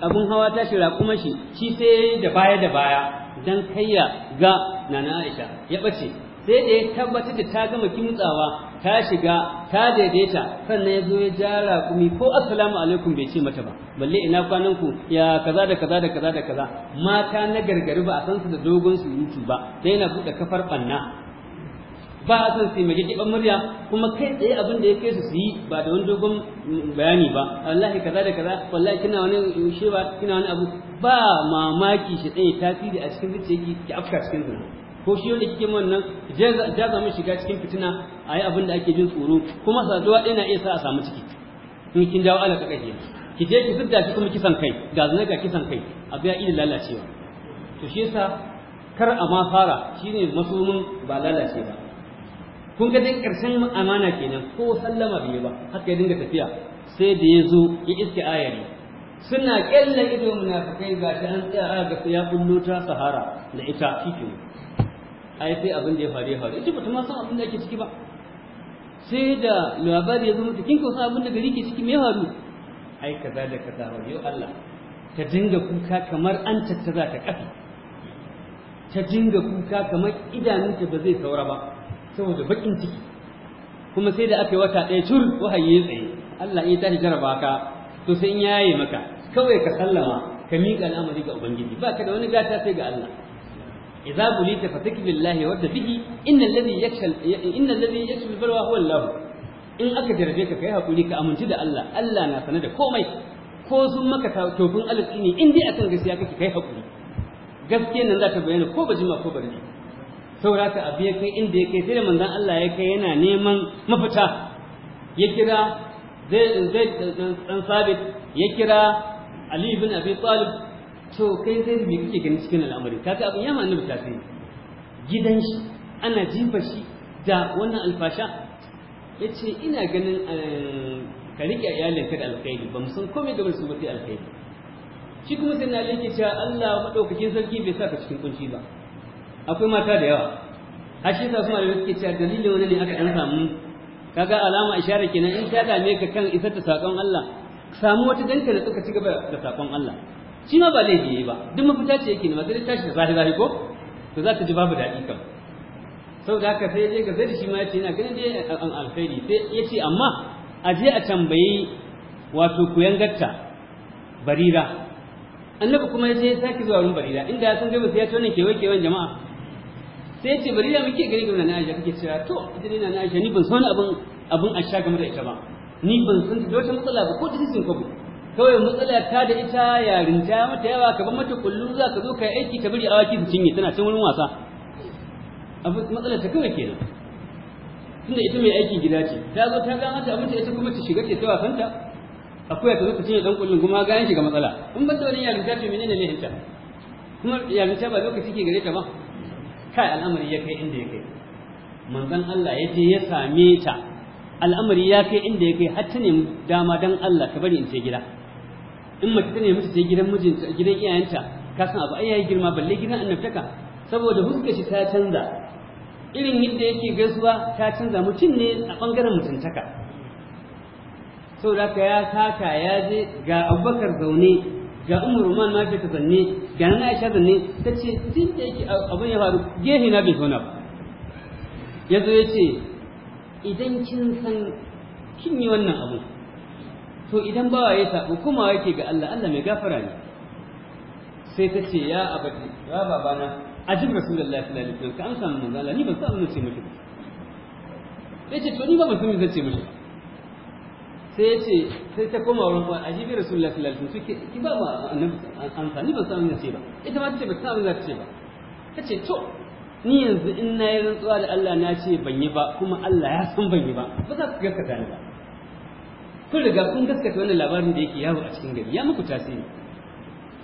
abun hawa ta shi raƙuma shi shi sai da baya da baya dan kayya ga nana Aisha ya bace sai da ya tabbatar da ta gama kimtsawa ta shiga ta daidaita sannan ya zo ya jara kumi ko assalamu alaikum bai ce mata ba balle ina kwanan ku ya kaza da kaza da kaza da kaza mata na gargari ba a san su da dogon surutu ba sai yana buɗe kafar banna ba a son su mai gidiban murya kuma kai tsaye abin da ya kai su su yi ba da wani dogon bayani ba wallahi kaza da kaza wallahi kina wani sheba kina wani abu ba mamaki shi tsaye tasiri a cikin zuciyarki ki afka cikin zuciyarki ko shi wanda kike wannan jaza mu shiga cikin fitina ayi abin da ake jin tsoro kuma saduwa ɗaya na iya sa a samu ciki in kin ala ka kake ki je ki sidda shi kuma kisan kai ga zane ga kisan kai abu ya iya lalacewa to shi yasa kar a ma fara shine masumin ba lalace ba kun ga dai karshen amana kenan ko sallama bai ba haka ya dinga tafiya sai da ya zo ya iske ayari suna kyalla ido munafikai ga shi an tsaya ga ya kullo ta sahara da ita ai sai abin da ya faru ya faru ita ta ma san abin da ake ciki ba sai da labari ya zo cikin kin kausa abin da gari ke ciki me ya faru ai kaza da kaza ba yau Allah ta dinga kuka kamar an za ta kafi ta dinga kuka kamar idanunta ba zai saura ba saboda bakin ciki kuma sai da aka yi wata ɗaya cur wahayi tsaye Allah ya tashi jaraba ka to sai in yaye maka kawai ka sallama ka miƙa al'amari ga ubangiji ba ka da wani gata sai ga Allah idza bulita fatak billahi wa bihi innal ladhi yakshal innal ladhi yakshal balwa huwa in aka jarabe ka kai hakuri ka aminci da Allah Allah na sanar da komai ko sun maka tofin alƙini in dai akan gaskiya kake kai hakuri gaskiya nan za ta bayyana ko bajima ko barni saura Saurata abu ya kai inda ya kai sai da manzon Allah ya kai yana neman mafita ya kira zai zai ya kira Ali ibn Abi to kai sai me kake ganin cikin al'amari kaga abin ya ma'anar ta sai gidan shi ana jifa shi da wannan alfasha ya ce ina ganin eh, ka riƙe iyalinka da alkhairi ba mu san komai game su ba sai alkhairi shi kuma sai na lake cewa Allah maɗaukakin sarki bai sa ka cikin kunci ba akwai mata da yawa a shi yasa kuma da suke cewa dalilin wani ne aka ɗan samu kaga alama isharar kenan in ta dame ka kan isar da saƙon Allah samu wata danka da suka ci gaba da saƙon Allah shi ma ba laifi ba duk mafita ce yake nema sai tashi da zafi zafi ko to za ta ji babu daɗi kam saboda haka sai je ga zai shi ma yace ina ganin dai an alkhairi sai yace amma a je a tambayi wato kuyangatta barira annabi kuma yace ya sake zuwa wurin barira inda sun ga sai ya tona kewa kewan jama'a sai yace barira muke gani ga na Aisha kake cewa to ita ne na Aisha ni ban san abin abin sha game da ita ba ni ban san da wata matsala ba ko ta cikin kwabo kawai matsalar ta da ita yarinta mata yawa ka bar mata kullu za ka zo ka aiki ka bari awaki su cinye tana cin wurin wasa abu matsalar ta kawai kenan tunda ita mai aikin gida ce ta zo ta ga mata abinci ita kuma ta shiga ce ta wasanta akwai ta zo ta cinye dan kullun kuma ga yan shiga matsala in ban da wani yarinta ce menene ne hinta kuma yarinta ba lokaci ke gare ta ba kai al'amari ya kai inda ya kai manzon Allah ya je ya same ta al'amari ya kai inda ya kai har ta nemi dama dan Allah ka bari in ce gida in mace ta nemi ta je gidan mijinta gidan iyayenta ka san abu ai yayi girma balle gidan annabtaka saboda huskar shi ta canza irin yadda yake gaisuwa ta canza mutum ne a bangaren mutuntaka saboda haka ya taka ya je ga Abubakar zaune ga Umar Umar ma ta zanne ga nan Aisha zanne ta ce tun da yake abin ya faru gehe na bai zauna ba yazo ya ce idan kin san kin yi wannan abu to idan ba ya sabu kuma yake ga Allah Allah mai gafara ne sai ta ce ya abadi ya babana ajin rasulullahi sallallahu alaihi wasallam ka amsa mun Allah ni ban san mun ce miki sai ce to ni ba ban san mun ce miki sai ce sai ta koma wurin kuma ajibi rasulullahi sallallahu alaihi wasallam ki ba ba annabi amsa ni ban san mun ce ba ita ma ta ce ba san mun ce ba ta ce to ni yanzu in na yi rantsuwa da Allah na ce ban yi ba kuma Allah ya san ban yi ba ba za ku gaskata ni ba kun riga kun gaskata wannan labarin da yake yawo a cikin gari ya muku tasiri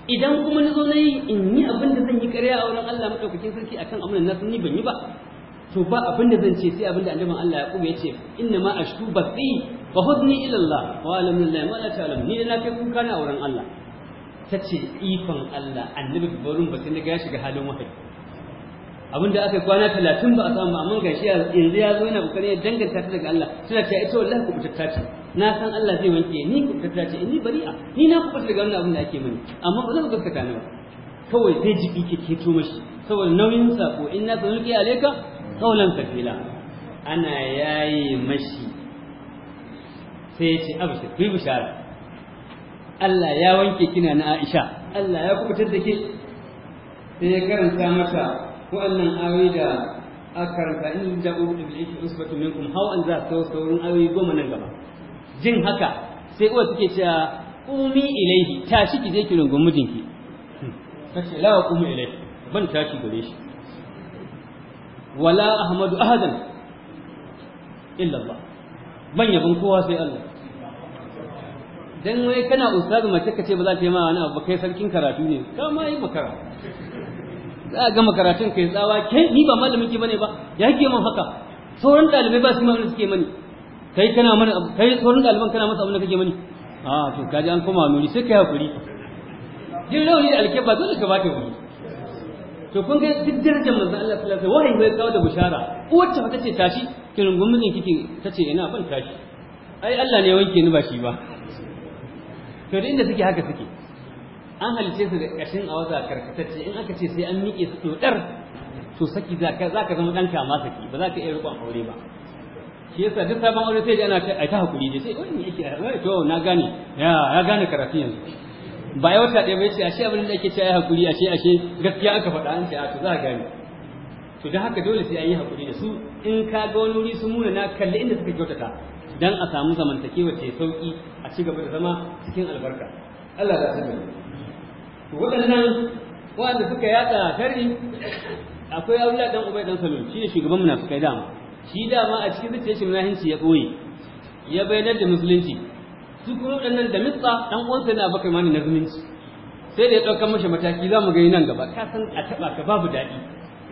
idan kuma na zo na yi in yi abin da zan yi ƙarya a wurin Allah maɗaukakin sarki akan abin da na ni ban yi ba to ba abin da zan ce sai abin da annabin Allah ya kuma ya ce inna ma ashku basi wa hudni ila Allah wa alamin Allah ma la ta'lam ni na kai kuka na a wurin Allah tace ikon Allah annabi barun ba sai naga ya shiga halin wahayi abinda da yi kwana talatin ba a samu amma ga shi yanzu ya zo yana kokarin ya danganta ta daga Allah suna cewa ita wallahi ku fitar ce na san Allah zai wanke ni ku fitar ce ni bari'a ni na kuɓuta daga wannan abin da ake mani amma ba zan gaskata ni ba kawai zai jibi ke keto mashi saboda nauyin sako in na sanuki alaika kaulan kafila ana yayi mashi sai ya ce abu sai bishara Allah ya wanke kina na Aisha Allah ya kubutar da ke sai ya karanta mata Wannan ayoyi da aka karanta in da ubi bil ismi usbatu minkum how an za su sauran ayoyi goma nan gaba jin haka sai uwa take cewa umi ilaihi tashi ki je ki rungumi mijinki kace la qumi ilaihi ban tashi gare shi wala ahmadu ahadan illa Allah ban yabon kowa sai Allah dan wai kana ustazu mace kace ba za ta yi ma wani abu kai sarkin karatu ne kama yi makara za a gama karatun kai tsawa kai ni ba malamin ki bane ba ya ke man haka sauran ɗalibai ba su malamin suke mani kai kana mana kai sauran daliban kana masa abin da kake mani a to kaji an koma nuri sai kai hakuri jin rauni da alkeba dole ka bata wani to kun ga duk darajar manzon Allah sallallahu alaihi wasallam wahayi kawo da bushara uwarta ta ce tashi kirin rungumin kike tace ina ban tashi ai Allah ne wanke ni ba shi ba to da inda suke haka suke an halice su da ƙashin a wata karkatacce in aka ce sai an miƙe su dodar to saki za ka zama ɗan kama saki ba za ka iya riƙon aure ba shi yasa duk sabon aure sai ana ai ta hakuri ne sai wani yake wai to na gane ya ya gane karatu yanzu ba ya wata ɗaya ba yace ashe abin da ake ce ai hakuri ashe ashe gaskiya aka faɗa an ce a to za ka gane to dan haka dole sai an yi hakuri da su in ka ga wani wuri su muna na kalli inda suka kyautata dan a samu zamantakewa ce sauki a ci gaba da zama cikin albarka Allah ya sani waɗannan wanda suka yatsa sharri akwai abula dan ubay dan salul shi ne shugaban munafikai dama shi dama a cikin zuciyar shi munafinci ya ɓoye ya bayyana da musulunci su kuma waɗannan da mitsa dan uwansa na bakai imani na zumunci sai da ya ɗaukar mashi mataki za mu gani nan gaba ka san a taɓa ka babu daɗi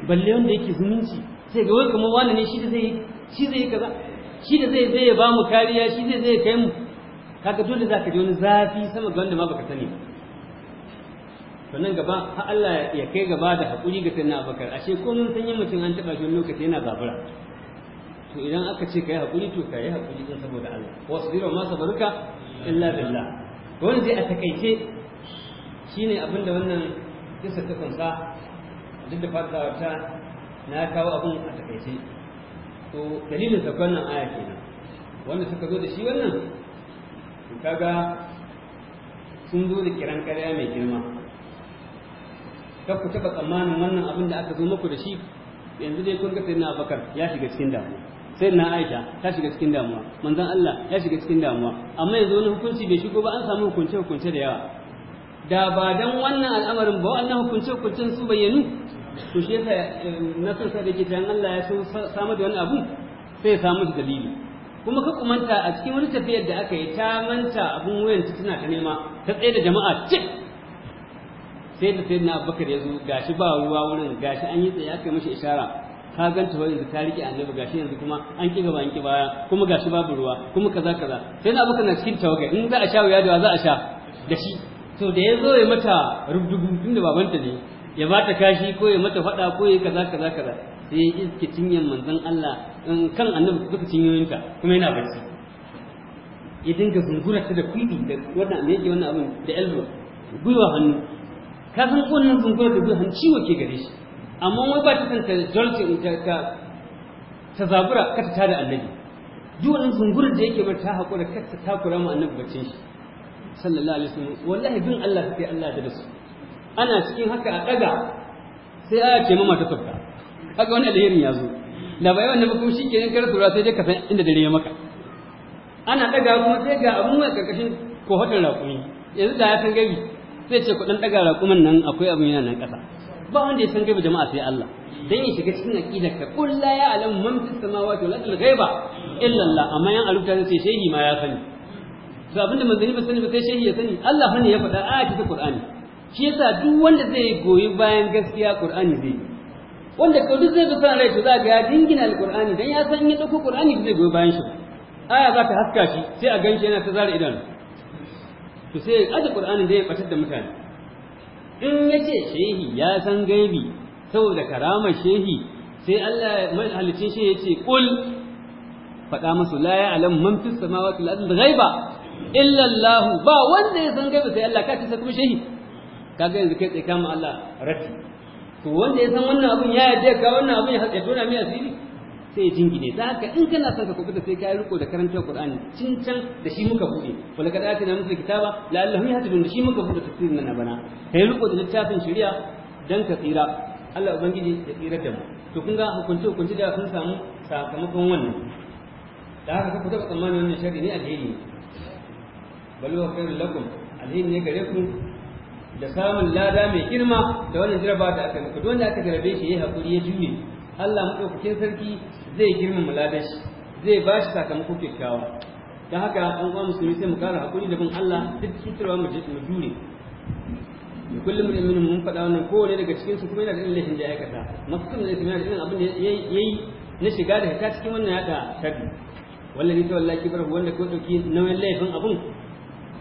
balle wanda yake zumunci sai ga wani kamar wani ne shi da zai shi zai kaza shi da zai zai ba mu kariya shi zai zai kai mu kaga dole za ka ji wani zafi sama ga wanda ma baka sani ba sannan gaba har Allah ya kai gaba da hakuri ga sayyidina bakar ashe ko mun san yin mutum an taba shi lokaci yana zabura to idan aka ce kai haƙuri to kai haƙuri din saboda Allah wasbiru ma sabaruka illa billah wannan zai a takaice shine abin da wannan kisa ta kansa duk da fadawa na kawo abin a takaice to dalilin sa wannan aya kenan wanda suka zo da shi wannan kaga sun zo da kiran ƙarya mai girma kar ku taɓa tsammanin wannan abin da aka zo muku da shi yanzu dai kun ga sayyidina abubakar ya shiga cikin damuwa na aisha ta shiga cikin damuwa manzon Allah ya shiga cikin damuwa amma yanzu wani hukunci bai shigo ba an samu hukunce hukunce da yawa da ba dan wannan al'amarin ba wannan hukunce hukuncen su bayyanu to shi yasa eh, nasan sa da ke tan Allah ya so samu da wani abu sai ya samu shi dalili kuma ka kumanta a cikin wani tafiyar da aka yi ta manta abun wayanta tuna ta nema ta tsaye da jama'a cik sai da sayyidina abubakar ya zo gashi ba ruwa wurin gashi an yi tsaye aka mishi ishara ka ganta wa yanzu ta rike annabi gashi yanzu kuma an ki gaba an ki baya kuma gashi babu ruwa kuma kaza kaza sai na abubakar na cikin tawaga in za a sha wuya da za a sha da shi to da ya zo ya mata rubdugu tunda babanta ne ya ba ta kashi ko ya mata faɗa ko ya kaza kaza kaza sai iske cinyan manzon Allah in kan annabi duka ta kuma yana barci ya dinga zungura ta da kwibi da wannan me yake wannan abin da elbow gwiwa hannu ka san kunnin tsunkuwar da zuwa hanci ke gare shi amma wai ba ta san ta jolce in ta ta zabura ka ta tada annabi duk wannan zungurin da yake mata haƙura ka ta takura mu annabi bacin shi sallallahu alaihi wasallam wallahi bin Allah sai Allah da su ana cikin haka a daga sai aya ce mama ta tsafta kaga wani alherin ya zo da bai wannan kuma kenan kar tura sai dai ka san inda dare ya maka ana daga kuma sai ga abun mai karkashin ko hotel raƙumi yanzu da ya san gari sai ce kudin ɗaga raƙumin nan akwai abin yana nan kasa ba wanda ya san gaba jama'a sai Allah dan ya shiga cikin aqida ka qul la ya'lamu man fis samawati wal ardi ghaiba illa Allah amma yan aluta sai shehi ma ya sani to abinda manzani ba sani ba sai shehi ya sani Allah fa ne ya faɗa a cikin Qur'ani shi yasa duk wanda zai goyi bayan gaskiya Qur'ani zai wanda ka duk zai bi sanar rai za ga ya dingina Qur'ani dan ya san ya dauko qur'ani zai goyi bayan shi aya za ta haska shi sai a ganshi yana ta zara idanu to sai ya aje qur'anin da ya batar da mutane in yace shehi ya san gaibi saboda karamar shehi sai Allah halicin shi yace kul faɗa masa la ya'lam man fis samawati wal ardi ghaiba illa Allah ba wanda ya san gaibi sai Allah kace sai kuma shehi kaga yanzu kai tsaye kama Allah rati to wanda ya san wannan abun ya yaje ga wannan abun ya tona mai asiri sai ya jingine da haka in kana son ka kubuta sai kayan riko da karantar Qur'ani cin can da shi muka bude wala kada ta namu kitaba la allahu yahdun da shi muka bude tafsirin nan bana kai riko da littafin shari'a dan ka tsira Allah ubangiji ya tsira da mu to kun ga hukunci hukunci da sun samu sakamakon wannan da haka ku taba tsammani wannan sharri ne alheri bal huwa khairul lakum alheri ne gare ku da samun lada mai girma da wannan jiraba da aka muku don wanda aka jarabe shi yayi hakuri ya juye Allah mu madaukakin sarki zai girmin muladar shi zai ba shi sakamako kyakkyawa ta haka an uwa musulmi sai mu kara hakuri da bin Allah duk cutarwa mu jure Mu kullum da mun mun faɗa wannan kowane daga cikin su kuma yana da laifin da ya aikata mutum ne yana da irin abin da yi na shiga da ta cikin wannan yada sharri wallahi ta wallahi kibar wanda ko dauki nauyin laifin abun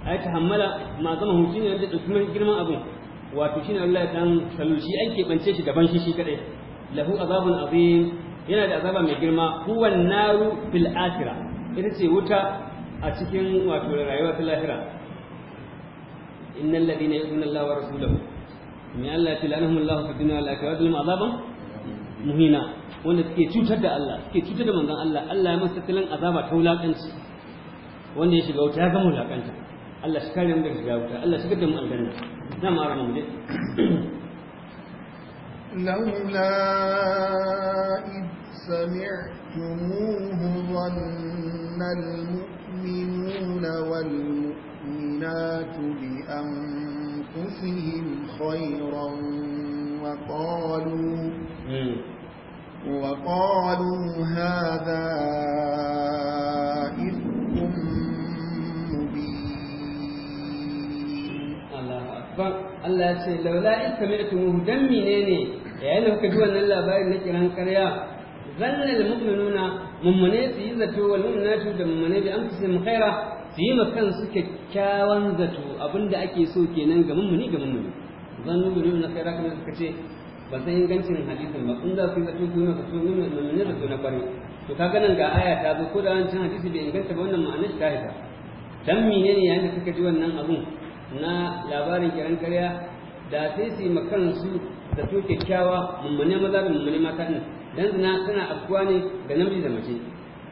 ai ta hammala ma zama hutu ne da dauki girman abun wato shine Allah ya dan salushi an keɓance shi gaban shi shi kadai lahu azabun azim yana da azaba mai girma huwa naru fil ita ce wuta a cikin wato rayuwa ta lahira innal ladina wa min Allah Allah fi dunya azaban muhina wanda suke cutar da Allah suke cutar da manzon Allah Allah ya masa azaba ta wulakanci wanda ya shiga wuta ya Allah shi kare mu daga shiga wuta Allah aljanna dai لولا إذ سمعتموه ظن المؤمنون والمؤمنات بأنفسهم خيرا وقالوا وقالوا هذا إفك مبين الله أكبر Allah ya ce laula in sami'tumuhu dan menene yayin da kuka ji wannan labarin na kiran karya al mu'minuna mummune su yi zato wal mu'minatu da mummune bi anfusihim khaira su yi makan su kyakkyawan zato abinda ake so kenan ga mummuni ga mummuni zannu bi na khaira kamar suka ce ba san ingancin hadisin ba kun za su yi zato ku na zato so zato na kwari to kaga nan ga aya ta zo ko da wancan hadisi bai inganta ba wannan ma'anar ta hita dan menene yayin da kuka ji wannan abun na labarin kiran karya da sai su yi makansu da su kyakkyawa mummune maza da mummune mata ɗin dan zina suna afkuwa ne ga namiji da mace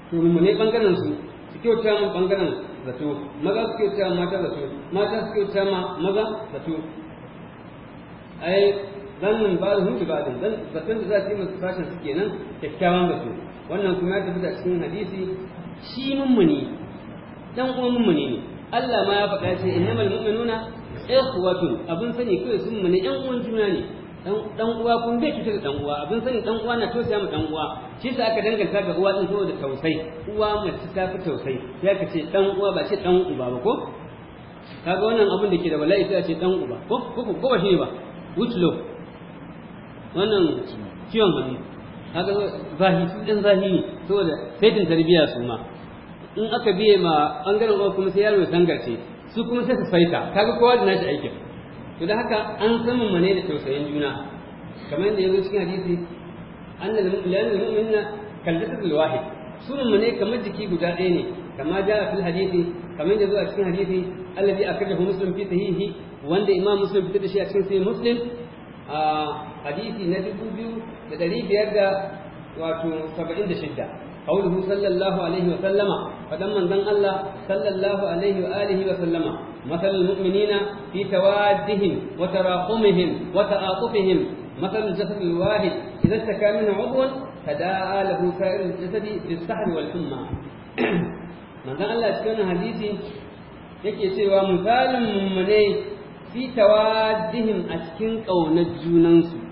to mummune ɓangaren su su kyauta mu ɓangaren zato maza su kyauta mata zato mata su kyauta ma maza zato ai zannin ba da hunki ba da zan zaton da za su yi masu fashin su kenan kyakkyawan zato wannan kuma ya tafi da cikin hadisi shi mummune dan uwan mummune ne Allah ma ya faɗa ce innamal mu'minuna ikhwatun abin sani kai sun mu ne ƴan uwan juna ne dan uwa kun bai kike da dan uwa abin sani dan uwa na sai mu dan uwa shi sai aka danganta ga uwa din saboda tausayi uwa mace ta fi tausayi ya ka ce dan uwa ba ce dan uba ba ko kaga wannan abin da ke da wallahi sai a ce dan uba ko ko ko ba shi ba wutlo wannan ciwon hannu kaga zahiri sun dan zahi ne saboda saitin tarbiyya su ma in aka biye ma bangaren uwa kuma sai yaro ya sangarce su kuma sai su saita kaga kowa da nashi aikin to da haka an san mane da tausayin juna kamar yadda yazo cikin hadisi annal mu'minina mu'minina kallatul wahid su mane kamar jiki guda ɗaya ne kamar ja fil hadisi kamar yadda zuwa cikin hadisi alladhi akhrajahu muslim fi sahihi wanda imam muslim fitar da shi a cikin sahih muslim a hadisi na dubu biyu da ɗari biyar da wato saba'in da shidda قوله صلى الله عليه وسلم فلما من الله صلى الله عليه وآله وسلم مثل المؤمنين في توادهم وتراقمهم وتعاطفهم مثل الجسد الواحد إذا اشتكى منه عضو تداعى له سائر الجسد بالسحر والحمى من الله cikin hadisi yake cewa misalin mummune fi tawaddihim a cikin ƙaunar junansu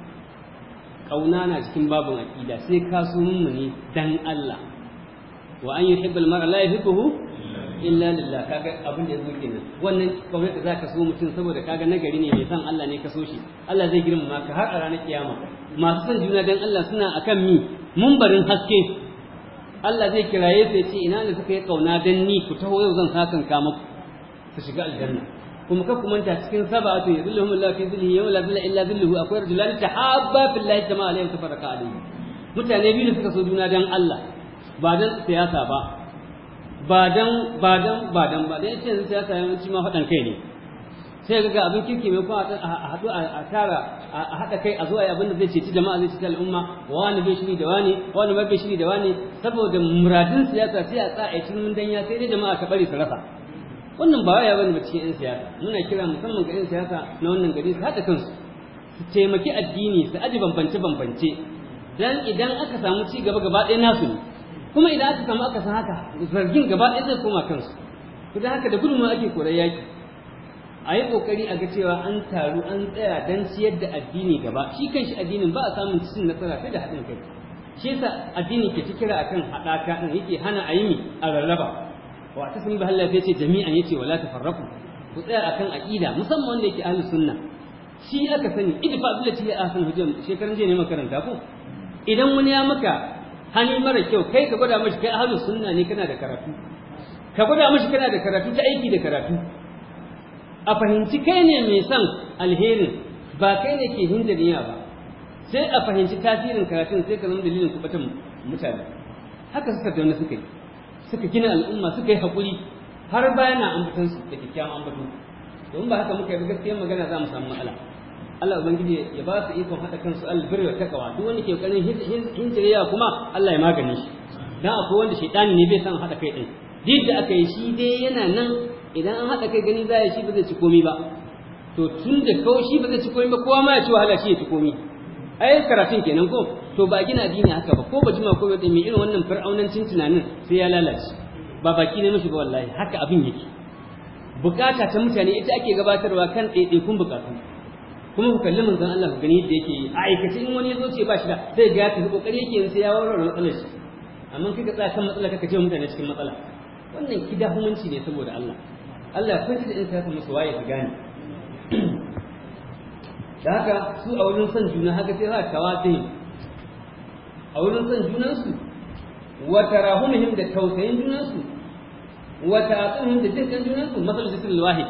kauna na cikin babin aqida sai ka so mummuni dan Allah wa an yuhibbu al-mar'a la yuhibbuhu illa lillah kaga abin da yazo nan. wannan kawai da zaka so mutum saboda kaga nagari ne mai san Allah ne ka so shi Allah zai girmama ka har a ranar kiyama masu son juna dan Allah suna akan mi barin haske Allah zai kiraye su ya ce ina ne suka yi kauna dan ni ku taho yau zan sakan ka muku su shiga aljanna kuma ka ku manta cikin sab'atu zulluhum Allah fi dhillihi yawma la zulla illa zulluhu akwai rajulan tahabba fillahi jama'a alayhi tafarraqa alayhi mutane biyu suka so juna dan Allah ba dan siyasa ba ba dan ba dan ba dan ba dan yace siyasa yawanci ma fadan kai ne sai ga abin kirki mai kuma a haɗu a tara a haɗa kai a zuwa yi abin da zai ceci jama'a zai ceci al'umma wa wani bai shiri da wani wani ma bai shiri da wani saboda muradin siyasa sai a tsaya a cikin dan ya sai dai jama'a ta bari su rasa wannan ba ya bane ba cikin 'yan siyasa muna kira musamman ga 'yan siyasa na wannan gari su haɗa kansu su taimaki addini su aji bambance bambance dan idan aka samu ci gaba gaba ɗaya nasu ne kuma idan aka samu aka san haka zargin gaba ɗaya zai koma kansu da haka da gudunmawa ake korar yaki a yi ƙoƙari a ga cewa an taru an tsaya dan ciyar da addini gaba shi kanshi addinin ba a samun cikin nasara sai da haɗin kai shi yasa addini ke ci kira akan haɗaka ɗin yake hana a yi a rarraba wa tasmi bi halla yace jami'an yace wala tafarraqu ku tsaya akan aqida musamman wanda yake ahlus sunna shi aka sani idfa billati ya ahsan hujjan shekaran jiya ne makaranta ko idan wani ya maka hannu mara kyau kai ka gwada mashi kai ahlus sunna ne kana da karatu ka gwada mashi kana da karatu ta aiki da karatu a fahimci kai ne mai son alherin ba kai ne ke hindaniya ba sai a fahimci tasirin karatun sai ka zama dalilin kubatar mutane haka suka da wani suka yi suka gina al'umma suka yi haƙuri har bayan na ambatan su da kyakkyawan ambatan domin ba haka muka yi gaskiyar magana za mu samu matsala Allah ubangiji ya ba su ikon haɗa kansu albirra takawa duk wani ke ƙarin ya kuma Allah ya magani. shi dan akwai wanda shaidani ne bai san haɗa kai din duk da aka yi shi dai yana nan idan an haɗa kai gani za ya shi ba zai ci komi ba to tun da kawai shi ba zai ci komi ba kowa ma ya ci wahala shi ya ci komi ai karatun kenan ko to ba gina addini haka ba ko ba jima ko ba mai irin wannan fir'aunancin tunanin sai ya lalace ba baki ne musu ba wallahi haka abin yake bukata ta mutane ita ake gabatarwa kan ɗaiɗaikun bukatu kuma ku kalli manzon Allah ku gani yadda yake yi a aikace in wani ya zo ce ba shi da sai ga ta kokari yake sai ya warware matsalar shi amma kika tsaya kan matsala ka ce mutane cikin matsala wannan kidahumanci ne saboda Allah Allah ya kwanci da in ta musu waye ku gane da haka su a wurin son juna haka sai za ta wace a wurin son junansu wata tarahumhum da tausayin junansu wata ta'atuhum da jinkan junansu matsalar jikin wahid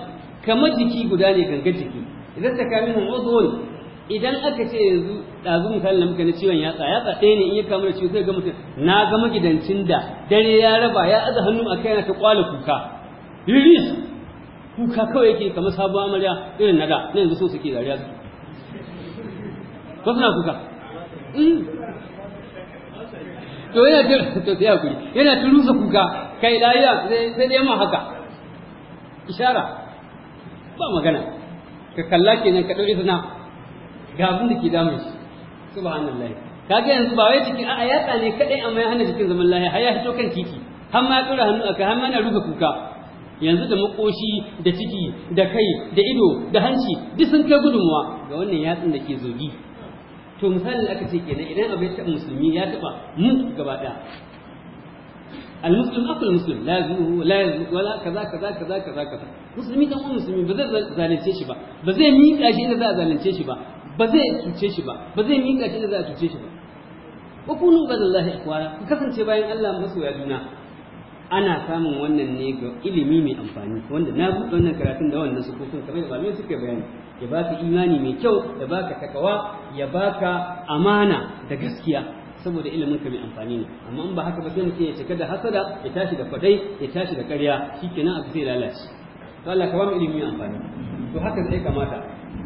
kamar jiki guda ne gangar jiki idan ta kamin uzun idan aka ce yanzu ɗazu misali na muka na ciwon yatsa yatsa ɗaya ne in ya kama da ciwo zai ga mutum na ga magidancin da dare ya raba ya aza hannu a kai na ta kwala kuka riris kuka kawai yake kamar sabuwar amarya irin na da na yanzu so suke dariya su ko suna kuka mm. to yana ta to sai hakuri yana ta rusa kuka kai lafiya sai dai ma haka ishara ba magana ka kalla kenan ka daure suna ga abin da ke damun shi subhanallahi kaga yanzu ba wai cikin a'a yatsa ne kadai amma ya hana cikin zaman lafiya har ya fito kan titi har ma ya tsura hannu aka har ma yana rufe kuka yanzu da makoshi da ciki da kai da ido da hanci duk sun kai gudunmuwa ga wannan yatsun da ke zogi to misali da aka ce kenan idan abin ya musulmi ya taɓa mu gaba ɗaya المسلم اخو المسلم لا يزنه لا يزنه ولا كذا كذا كذا كذا كذا مسلمي dan musulmi ba zai zalunce shi ba ba zai miƙa shi inda za a zalunce shi ba ba zai cuce shi ba ba zai miƙa shi inda za a cuce shi ba wa da badallahi ikwana ku kasance bayan Allah masoya juna ana samun wannan ne ga ilimi mai amfani wanda na buɗe wannan karatun da wannan sukukun kamar da ba mai suke bayani ya ba ka imani mai kyau ya ba baka takawa ya ba ka amana da gaskiya saboda ilimin ka mai amfani ne amma in ba haka ba sai mutum ya cika da hasada ya tashi da kwadai ya tashi da ƙarya shikenan a zai lalace to Allah ka ba mu ilimi mai amfani to haka zai kamata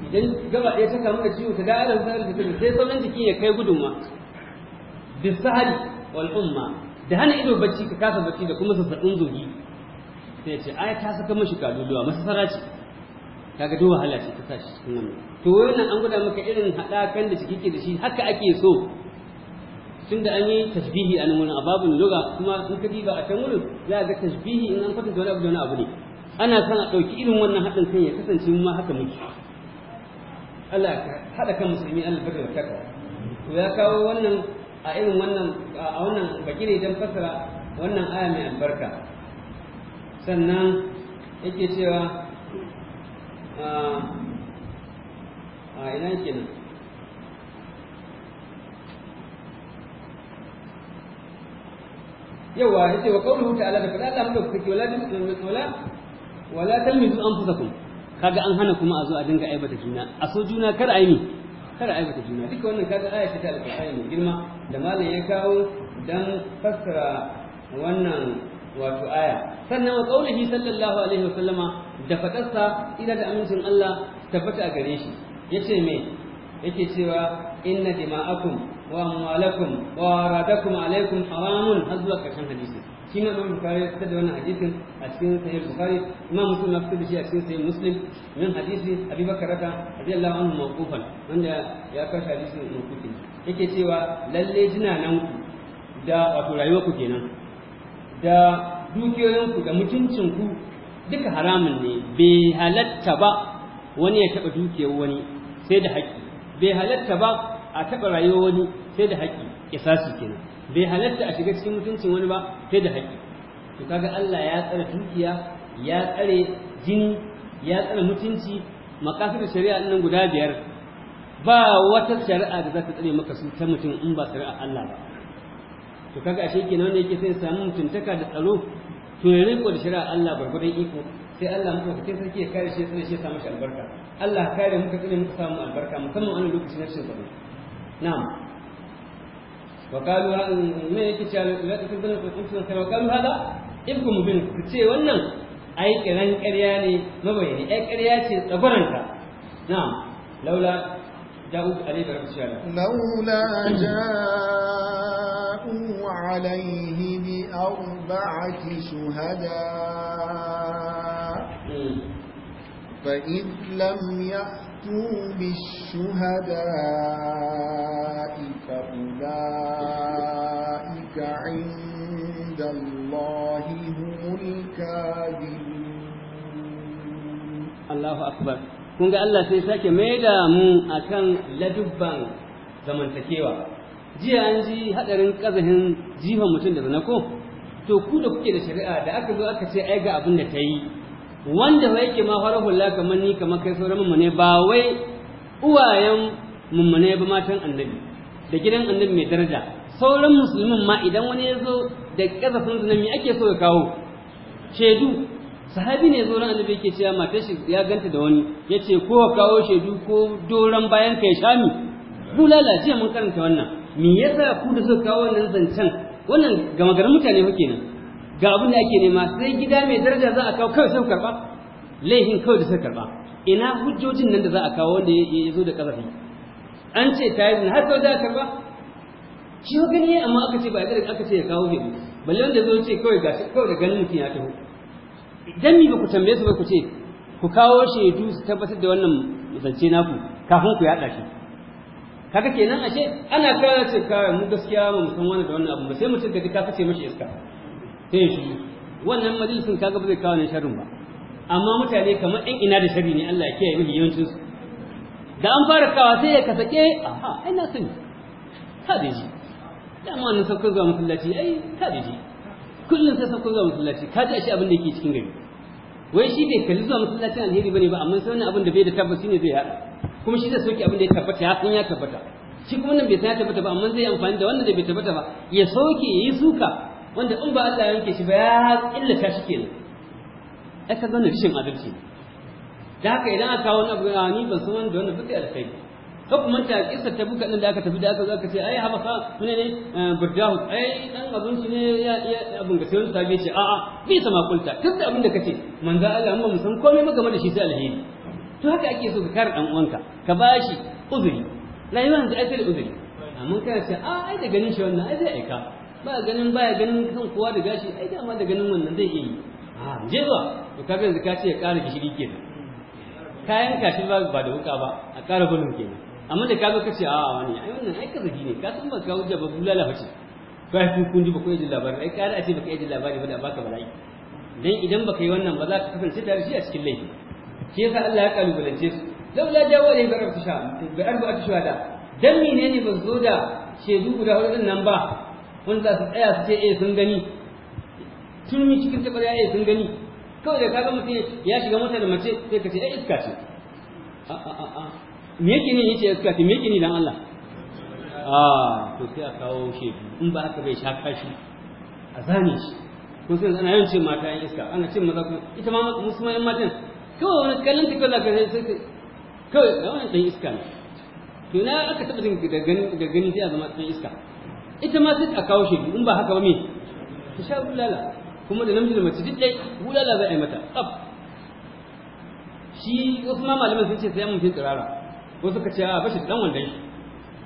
idan gaba ɗaya ta samu da ciwo ta da'irar sa'ar ta sai sauran jiki ya kai gudunma bisahari wal umma da hana ido bacci ka kasa bacci da kuma zazzabin zogi sai ya ce ai ta saka mashi kaduluwa masu saraci. kaga duk wahala ce ta sashi cikin nan to wannan an guda maka irin hadakan da kike da shi haka ake so tun da an yi tasbihi a nan wurin a babin lugha kuma in ka diba a can wurin za ga tasbihi in an kwatanta wani abu da wani abu ne ana son a ɗauki irin wannan haɗin kan ya kasance mu ma haka muke Allah ka haɗa kan musulmi Allah ka kaka to ya kawo wannan a irin wannan a wannan bakire dan fasara wannan aya mai albarka sannan yake cewa a ina yake nan yawa ce wa qawluhu ta'ala da fadalla mu da kike wala wala an talmizu anfusakum kaga an hana kuma a zo a dinga aibata juna a so juna kar a yi kar a aibata juna duka wannan kaga aya ce ta alƙur'ani mai girma da malam ya kawo dan fassara wannan wato aya sannan wa qaulihi sallallahu alaihi wa sallama da fadarsa ila da amincin Allah tabbata a gare shi yace me yake cewa inna dima'akum wa amwalakum wa aradakum alaikum haramun har zuwa karshen hadisi shi ma Imam Bukhari ya da wannan hadisin a cikin Sahih Bukhari Imam Muslim ya fitar da shi a cikin Sahih Muslim min hadisi Abi Bakar radiyallahu anhu mawqufan wanda ya kawo hadisin mawqufin yake cewa lalle jina nan da wato rayuwa ku kenan da dukiyoyinku da mutuncinku duka haramun ne bai halatta ba wani ya taɓa dukiyar wani sai da haƙƙi bai halatta ba a taɓa rayuwar wani sai da haƙƙi kisasu kenan bai halatta a shiga cikin mutuncin wani ba sai da haƙƙi to kaga Allah ya tsare dukiya ya tsare jini ya tsare mutunci maqasid shari'a nan guda biyar ba wata shari'a da za ta tsare maka su ta mutum in ba shari'a Allah ba to kaga ashe kenan wanda yake sai samu mutuntaka da tsaro to ya riko da shari'a Allah barbadan iko sai Allah muka kace sarki ya kare shi sai shi ya samu shi albarka Allah kare muka tsine muka samu albarka musamman wannan lokacin na cikin tsaro na'am wa qalu ma yake cewa la tukzina fi kuntum kama qalu hada ibkum bin ku ce wannan ai kiran ƙarya ne mabayani ai ƙarya ce tsabaranta na'am laula داود عليه السلام لولا جاءوا عليه بأربعة شهداء فإذ لم يأتوا بالشهداء فأولئك عند الله هم الكاذبون الله أكبر kun ga Allah sai sake da mu a kan ladubban zamantakewa jiya an ji hadarin kazahin jifan mutum da zanako to ku da kuke da shari'a da aka zo aka ce ai abin da ta yi wanda ba yake ma fara hula kamar ni kamar kai sauran mummune ba wai uwayen mummune ba matan annabi da gidan annabi mai daraja sauran musulmin ma idan wani ya zo da kazafin zinami ake so ya kawo shaidu sahabi ne zo ran annabi yake cewa matar shi ya ganta da wani yace ko kawo shaidu ko doran bayan kai shami bulala ce mun karanta wannan me yasa ku da suka kawo wannan zancen wannan ga maganar mutane fa kenan ga abin da ake nema sai gida mai daraja za a kawo kawai sai karba laihin kawai da sai karba ina hujjojin nan da za a kawo wanda ya zo da kazafi an ce ta yi har kawai za a karba shi gani amma aka ce ba a aka ce ya kawo shedu balle wanda zo ce kawai ga kawai da ganin mutum ya taho Jami ni ku tambaye su ba ku ce ku kawo shaidu su tabbatar da wannan zance naku kafin ku yaɗa shi kaga kenan ashe ana kawo ce kawai mu gaskiya mu san wannan da wannan abu ba sai mutum ka ji ka kace mashi iska sai shi wannan majalisin kaga ba zai kawo ne sharrin ba amma mutane kamar ɗan ina da shari ne Allah ya kiyaye mihi yawancin su da an fara kawa sai ya kasake aha ai na sani ka da ji dama wannan saukar zuwa masallaci ai ka da ji kullum sai sako zuwa masallaci ka ji ashe abin da yake cikin gari wai shi bai kalli zuwa masallacin alheri bane ba amma sai wani abin da bai da tabbaci ne zai hada kuma shi zai soke abin da ya tabbata ya san ya tabbata shi kuma nan bai san ya tabbata ba amma zai amfani da wannan da bai tabbata ba ya soke ya yi suka wanda in ba Allah ya yanke shi ba ya illata shi kenan aka zo zauna cin adalci da haka idan aka kawo wani abu ah, ni ban san wanda wannan ba sai alkhairi hukumanta a kissa ta buka da aka tafi da aka zaka ce ai habasa ne ne eh, burdahu ai dan abinci ne ya ya abin ga sai wani sabi ce a'a bi sama kulta duk da abin da kace manzo Allah amma mun san komai maka game da shi sai alheri to haka ake so ka kare dan uwanka ka bashi uzuri rayuwar da ake da uzuri amma kana ce a ai da ganin shi wannan ai zai aika ba ganin baya ganin kan kowa da gashi ai dama da ganin wannan zai iya yi a je zuwa to kafin yanzu ka ce ya kara gishiri kenan kayan kashi ba da wuka ba a kara bulun kenan amma da kaga kace ka ce a wani ai wannan ai ka zagi ne ka san ba ka wuce ba bulala la ce ka fi kun ji ba ku yi labari ai ka ce ba ka yi labari ba da baka bala'i dan idan baka yi wannan ba za ka kasance tare shi a cikin laifi Ke yasa Allah ya kalubalance su laula jawo da ibar ta sha bi arba ta sha da dan menene ba zo da shedu guda hudu din nan ba wanda za su tsaya su ce eh sun gani tun mi cikin tabar ya eh sun gani kawai da kaga mutum ya shiga mota da mace sai ka ce eh iska ce a a a me yake ne yace iska ce me yake ne dan Allah ah to sai a kawo shi in ba haka bai sha shi a zane shi ko sai ana yin ce mata yan iska ana ce maza ko ita ma musulman yan matan kawai wani kallon ta kallon ka sai kawai da wani dan iska ne to na aka taba jin da gani da gani sai a zama dan iska ita ma sai a kawo shi in ba haka ba me ta sha bulala kuma da namiji da mace duk dai bulala zai yi mata tsaf shi wasu ma malaman sun ce sai mun fi tsirara ko suka ce a bashi dan wanda shi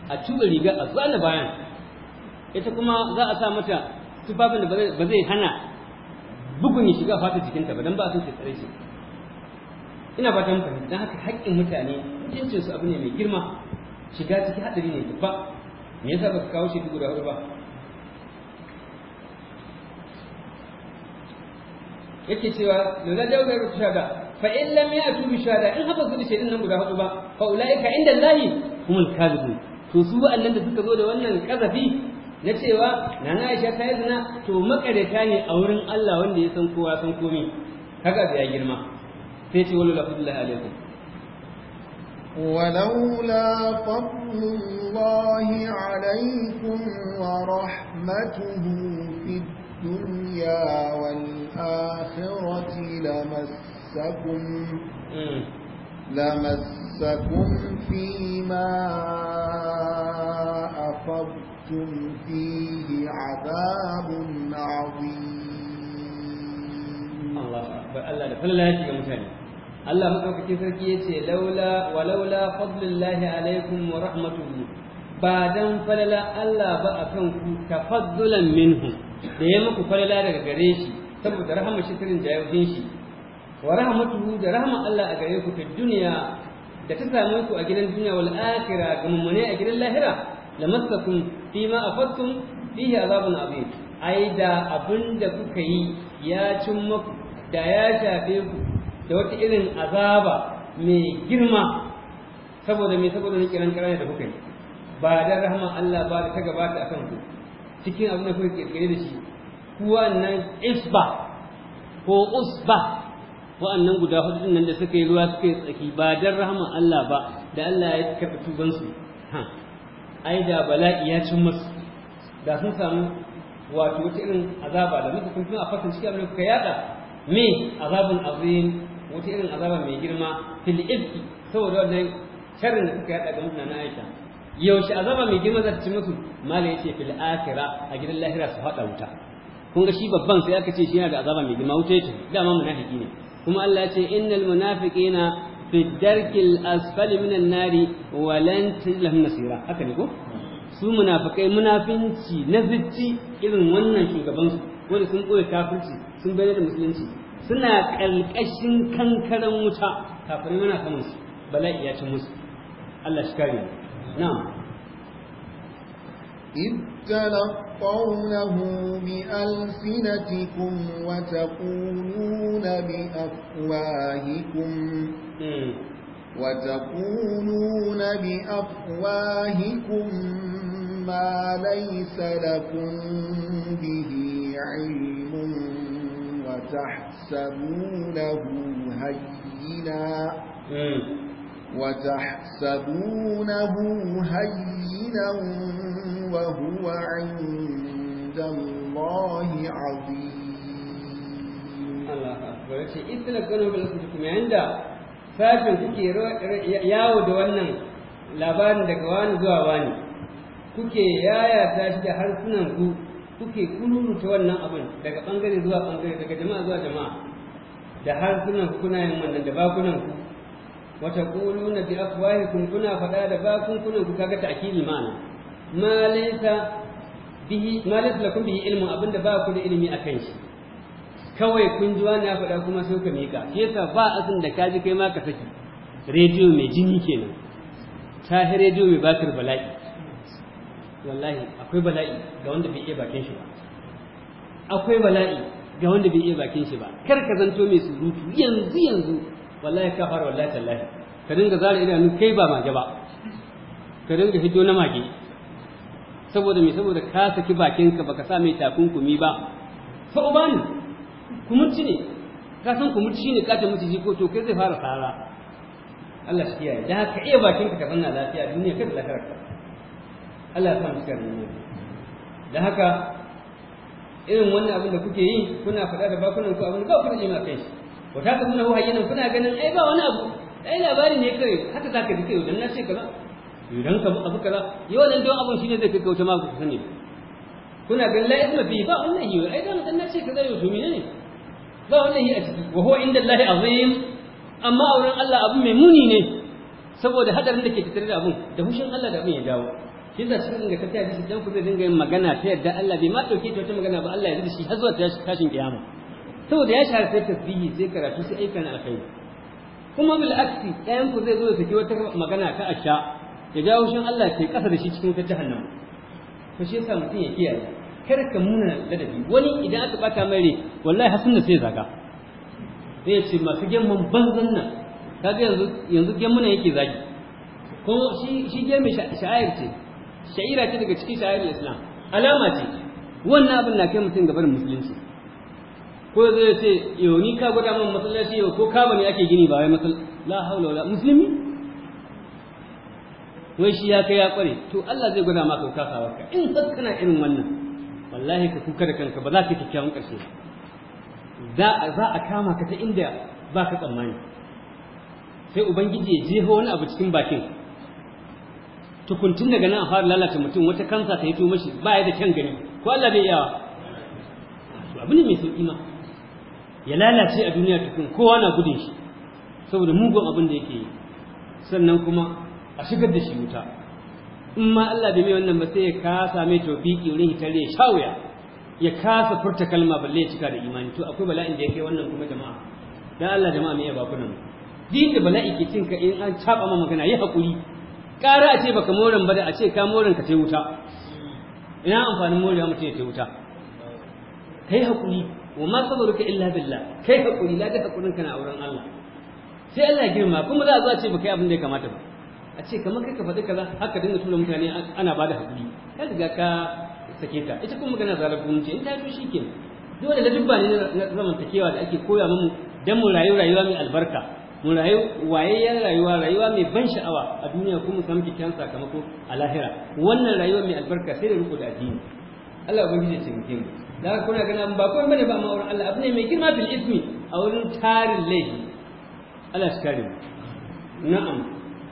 a tuba riga a zana bayan ita kuma za a sa mata tufafin da ba zai hana bugun shiga fata jikinta ba dan ba a ce tsare shi ina ba ta mutane dan haka haƙƙin mutane mutuncin su abu ne mai girma shiga ciki hadari ne ba me yasa ba ka kawo shi guda hudu ba yake cewa lalla da ga rubuta da fa in lam ya'tu bi shahada in haba su da shaidun nan guda hudu ba fa ulaika inda Allahi humul kadhibun to su wa'annan da suka zo da wannan kazafi na cewa nana Aisha ta yi zina to makareta ne a wurin Allah wanda ya san kowa san komai kaga ya girma sai ce wallahi alhamdulillah alaikum ولولا فضل الله عليكم ورحمته في الدنيا والآخرة لمس لمسكم لمسكم فيما أفضتم فيه عذاب عظيم الله Allah maɗaukakin sarki ya ce laula wa laula alaikum wa rahmatuhu ba dan falala Allah ba akan ku tafaddulan minhu da ya muku falala daga gare shi saboda rahmar shi tirin jayyukin shi wa rahmatuhu da rahma Allah a gare ku fi duniya da ta same ku a gidan duniya wal akhirah ga mummune a gidan lahira lamassakum fima afattum fihi azabun azim ai da abinda kuka yi ya cin maku da ya shafe ku da wata irin azaba mai girma saboda me saboda ni kiran kiran da kuka yi ba da rahman Allah ba da ta gabata akan ku cikin abin da kuka kirkire da shi ku wannan isba ko usba wa'annan guda hudu nan da suka yi ruwa suka yi tsaki ba dan rahman Allah ba da Allah ya karɓi tuban su ai da bala'i ya cin musu da sun samu wato wata irin azaba da muka kun a fasin cikin abin kuka yada me azabun azim wata irin azaba mai girma fil ifki saboda wannan sharrin da suka yada ga mutanen Aisha yaushe azaba mai girma za ta ci musu mala yace fil akhirah a gidan lahira su hada wuta kun ga shi babban sai aka ce shi yana da azaba mai girma wuta yace dama munafiki ne kuma Allah ce innal munafiqina fi darkil asfali minan nari wa lan nasira haka ne ko su munafikai munafinci na zicci irin wannan shugaban su wanda sun koyi kafirci sun bayyana musulunci suna kalkashin kankaran wuta kafirin yana kaman su bala'i ya ci musu Allah shi kare na'am إذ تلقونه بألسنتكم وتقولون بأفواهكم وتقولون بأفواهكم ما ليس لكم به علم وتحسبونه هينا وتحسبونه هينا وهو عند الله عظيم Allah akbar yace idda kana kuke yawo da wannan labarin daga wani zuwa wani kuke yayata shi da harsunan ku kuke ta wannan abin daga bangare zuwa bangare daga jama'a zuwa jama'a da harsunan ku kuna yin wannan da bakunan ku wata kuluna bi afwahikum kuna faɗa da bakun kunan ku kaga ta'kili ma'ana ma laisa bihi ma lakum bihi ilmun abinda ba ku da ilimi kan shi kawai kun ji wani ya faɗa kuma sai ka mika shi yasa ba asin da ka ji kai ma ka saki rediyo mai jini kenan ta hi rediyo mai bakar bala'i wallahi akwai bala'i ga wanda bai iya bakin shi ba akwai bala'i ga wanda bai iya bakin shi ba kar ka zanto mai surutu yanzu yanzu wallahi ka fara wallahi tallahi ka dinga zara idanu kai ba mage ba ka dinga hiddo na mage saboda me saboda ka saki bakinka baka sa mai takunkumi ba fa ubani kumurci ne ka san kumurci ne ka ta miciji ko to kai zai fara tsara Allah shi kiyaye da haka iya bakinka ka zanna lafiya duniya kada lafiyarka Allah ya san shi cikin duniya da haka irin wannan abin da kuke yi kuna faɗa da bakunan ku abin da ku rage ma kai shi wata ta kuna hayyanan kuna ganin ai ba wani abu ai labari ne kai haka zaka ji kai dan na ce kaza idan ka abu kaza yau nan don abun shine zai kai kauta ma ku sani kuna ganin la isma fi ba wannan yi ai dan dan nace kaza yau to menene ba wannan yi a ciki wa huwa inda Allah azim amma auren Allah abu mai muni ne saboda hadarin da ke tattare da abun da hushin Allah da abun ya dawo shi da cikin ga tafiya da dan ku zai dinga yin magana ta yadda Allah bai ma dauke ta wata magana ba Allah ya zuba shi har zuwa tashin kiyama saboda ya share sai tasbihi sai karatu sai aikana alkhairi kuma bil aksi ɗayan ku zai zo da take wata magana ta asha ya jawo shi Allah ke kasa da shi cikin wutar jahannama to shi yasa mutum ya kiyaye kar ka muna ladabi wani idan aka baka mai rai wallahi hasan sunna sai zaga sai ce masu gemman banzan nan kaga yanzu yanzu gemmuna yake zagi ko shi shi gemme sha'ir ce sha'ira ce daga cikin sha'ir Islam alama ce wannan abin na kai mutum gaban musulunci ko zai ce yau ni ka gwada min masallaci yau ko kaba ne ake gini ba wai masallaci la haula wala musulmi wai shi ya kai ya kware to Allah zai gwada maka ka in har kana irin wannan wallahi ka kuka da kanka ba za ka kyakkyawan ƙarshe za a kama ka ta inda ba ka tsammani sai ubangiji ya jeho wani abu cikin bakin tukuntun daga nan a fara lalata mutum wata kansa ta hito mashi ba ya da kyan gani ko Allah bai yawa abu ne mai sauƙi ma ya lalace a duniya tukun kowa na gudun shi saboda mugun abin da yake yi sannan kuma a shigar da shi wuta in ma Allah bai mai wannan ba sai ya kasa mai tofiki wurin hitar ya shawuya ya kasa furta kalma balle ya cika da imani to akwai bala'in da ya kai wannan kuma jama'a dan Allah jama'a mai baku nan din da bala'i ke cin ka in an taba ma magana yi hakuri ƙara a ce baka moran ba da a ce ka moran ka tai wuta ina amfanin morewa mutum ya tai wuta kai hakuri wa ma ka illa billah kai hakuri la ga hakurin kana auren Allah sai Allah girma kuma za a zo a ce baka yi abin da ya kamata ba a ce kamar kai ka faɗi kaza haka dinga tura mutane ana ba da haƙuri ka riga ka sake ta ita kuma magana zarar gumce in ta yi shi ke dole da dubba ne na zamantakewa da ake koya mu dan mu rayu rayuwa mai albarka mu rayu wayayyen rayuwa rayuwa mai ban sha'awa a duniya kuma samu kyakkyawan sakamako a lahira wannan rayuwa mai albarka sai da riko da addini Allah ubangiji ya taimake mu da haka kuna gana ba kuma bane ba ma'aurin Allah abu ne mai girma bil ismi a wurin tarin laifi Allah shi kare mu na'am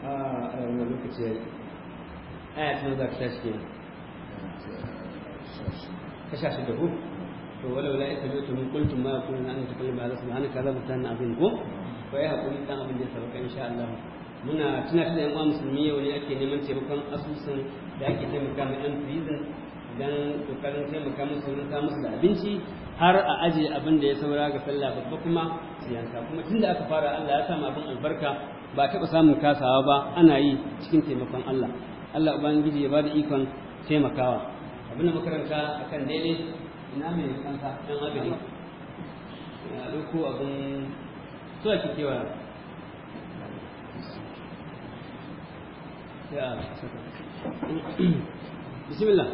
ah, wannan lokaci yayi aya ta za ka tashi ke kasha shi da ku to walau la yatabatu min qultum ma yakunu an natakallama ala subhanaka la mutanna abin ko ko ya hakuri dan abin da sabaka insha Allah muna tana da yan uwa musulmi yau ne ake neman taimakon asusun da ake taimaka ma yan prison don kokarin taimaka musu wurin ta musu abinci har a ajiye abin da ya saura ga sallah babba kuma siyanka kuma tunda aka fara Allah ya sa abin albarka ba taɓa samun kasawa ba ana yi cikin taimakon Allah Allah ubangiji ya ba da ikon taimakawa abin da makaranta a kan daidai ina mai kansa dan abin ya doko abin zuwa ki kewa bismillah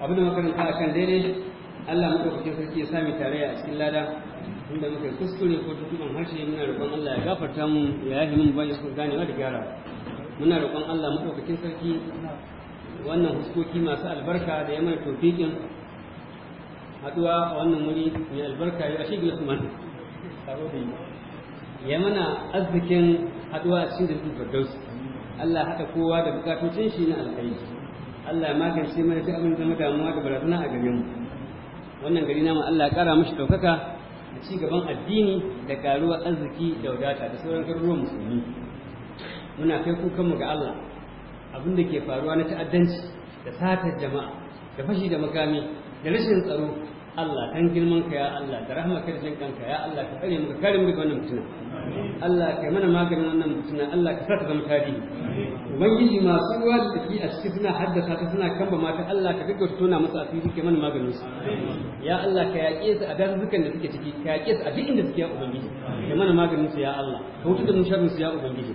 abin da makaranta a kan daidai Allah mutum kuke sarki ya sami tare a cikin lada inda muka kuskure ko mun harshe muna roƙon Allah ya gafarta mu ya yafi mun bayan su wa da gyara muna roƙon Allah madaukakin sarki wannan huskoki masu albarka da ya mana tofikin haɗuwa a wannan wuri mai albarka ya shi gina kuma ya mana arzikin haɗuwa a cikin jirgin firdaus Allah haɗa kowa da bukatocin shi na alkhairi Allah ya magance mana duk abin da damuwa da barazana a gare mu wannan gari mu Allah ya ƙara mashi daukaka da ci gaban addini da karuwar arziki da wadata da sauran garuruwan musulmi muna kai kukanmu ga Allah abin da ke faruwa na ta'addanci da satar jama'a da fashi da makami da rashin tsaro Allah kan girman ka ya Allah da rahama ka jin kanka ya Allah ka tsare mu kare mu daga wannan mutuna Allah kai mana maganin wannan mutuna Allah ka saka zama tadi ubangiji masu ruwa da tafi a cikin suna haddasa ta suna kamba mata Allah ka dukkan tona musu asiri kai mana maganin su ya Allah ka yaƙe su a dazuzzukan da suke ciki ka yaƙe su a duk inda suke ya ubangiji kai mana maganin su ya Allah ka hutu da mu sharrin su ya ubangiji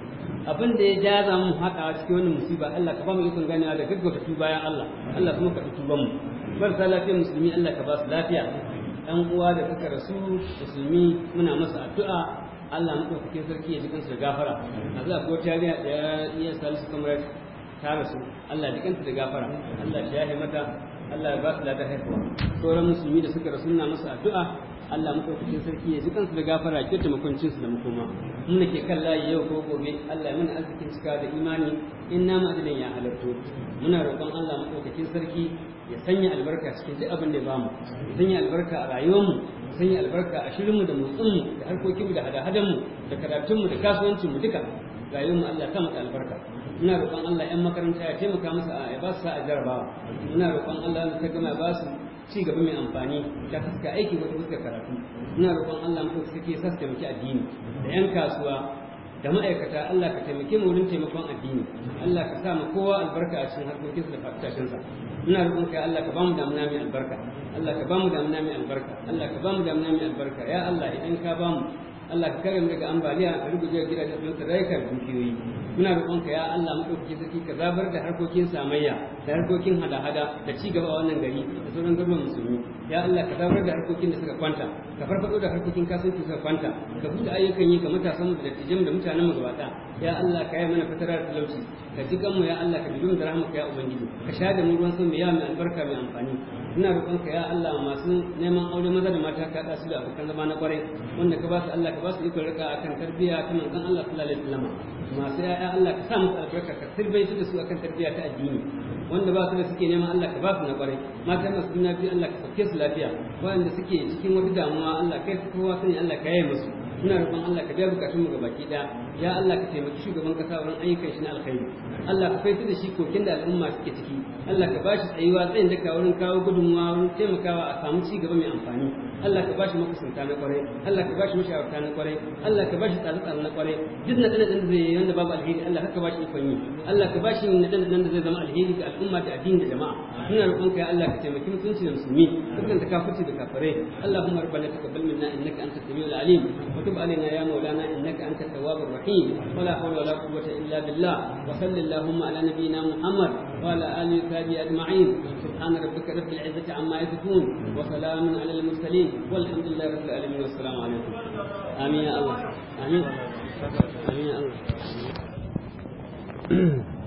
abin da ya jaza mu haɗa cikin wannan musiba Allah ka ba mu ikon ganewa da gaggauta tuba ya Allah Allah kuma ka tuba mu marasa lafiyar musulmi Allah ka ba su lafiya ɗan uwa da suka rasu musulmi muna masa addu'a Allah sarki ya ji da gafara a zuwa ko tariya da iya salisu kamar ta rasu Allah ji da gafara Allah ya mata Allah ba su sauran musulmi da suka rasu muna masa addu'a Allah maɗaukakin sarki ya ji kansu da gafara da makoma mu da ke kan layi yau ko gobe Allah mana arzikin cika da imani in na ma'adalin ya halartu muna roƙon Allah maɗaukakin sarki ya sanya albarka cikin duk abin da ya bamu ya sanya albarka a rayuwarmu ya sanya albarka a shirinmu da motsinmu da harkokinmu da hada-hadanmu da karatunmu da kasuwancinmu duka rayuwarmu Allah ta mata albarka ina roƙon Allah 'yan makaranta ya taimaka musu a ba su sa'a jarabawa ina roƙon Allah ta gama ba su ci gaba mai amfani ta fuska aiki wata fuska karatu ina roƙon Allah mutum suke sassa muke addini da 'yan kasuwa da ma'aikata Allah ka taimake mu wurin taimakon addini Allah ka sa mu kowa albarka a cikin harkokin da fatashin sa ina roƙon ka Allah ka ba mu damuna mai albarka Allah ka ba mu damuna mai albarka Allah ka ba mu damuna mai albarka ya Allah idan ka ba mu Allah ka kare mu daga ambaliya ka rubuje gidajen da ka raika dukiyoyi muna ka ya Allah dauke sarki ka zabar da harkokin samayya da harkokin hada-hada da ci gaba a wannan gari da sauran garuruwan musulmi ya Allah ka zabar da harkokin da suka kwanta ka farfado da harkokin kasuwanci suka kwanta ka buɗe ayyukan yi ga matasan mu da dattijan da mutanen mu gabata ya Allah ka yi mana da talauci ka ji kanmu ya Allah ka bi da rahmaka ya ubangiji ka sha da mu ruwan sama ya mai albarka mai amfani ina ka ya Allah masu neman aure maza da mata ka da su da abokan zama na kwarai wanda ka ba su Allah ka ba su ikon rika akan tarbiyya ta manzon Allah sallallahu alaihi wasallam masu ya Allah ka sa musu albarka ka sirbai su da su akan tarbiyya ta addini wanda ba su da suke neman Allah ka ba su na kwarai mata masu juna biyu Allah ka sauke su lafiya wanda suke cikin wata damuwa Allah kai kowa sani Allah ka yaye musu ina roƙon Allah ka biya bukatun mu gabaki da. ya Allah ka taimaki shugaban kasa wurin ayyukan shi na alkhairi Allah ka faitar da shi kokin da al'umma suke ciki Allah ka bashi tsayuwa tsayin daka wurin kawo gudunmawa wurin taimakawa a samu ci gaba mai amfani Allah ka bashi makusanta na kwarai Allah ka bashi mashawarta na kwarai Allah ka bashi tsare-tsare na kwarai duk na dan da zai wanda babu alheri Allah ka bashi ikon yi Allah ka bashi na dan da zai zama alheri ga al'umma da addini da jama'a ina ka ya Allah ka taimaki mutunci da musulmi dukkan da kafirci da kafirai Allahumma rabbana taqabbal minna innaka antas samiul alim wa tub alaina ya maulana innaka antat tawwabur rahim الرحيم ولا حول ولا قوة إلا بالله وصل اللهم على نبينا محمد وعلى آله وصحبه أجمعين سبحان ربك رب العزة عما يصفون وسلام على المرسلين والحمد لله رب العالمين والسلام عليكم آمين يا الله آمين آمين يا الله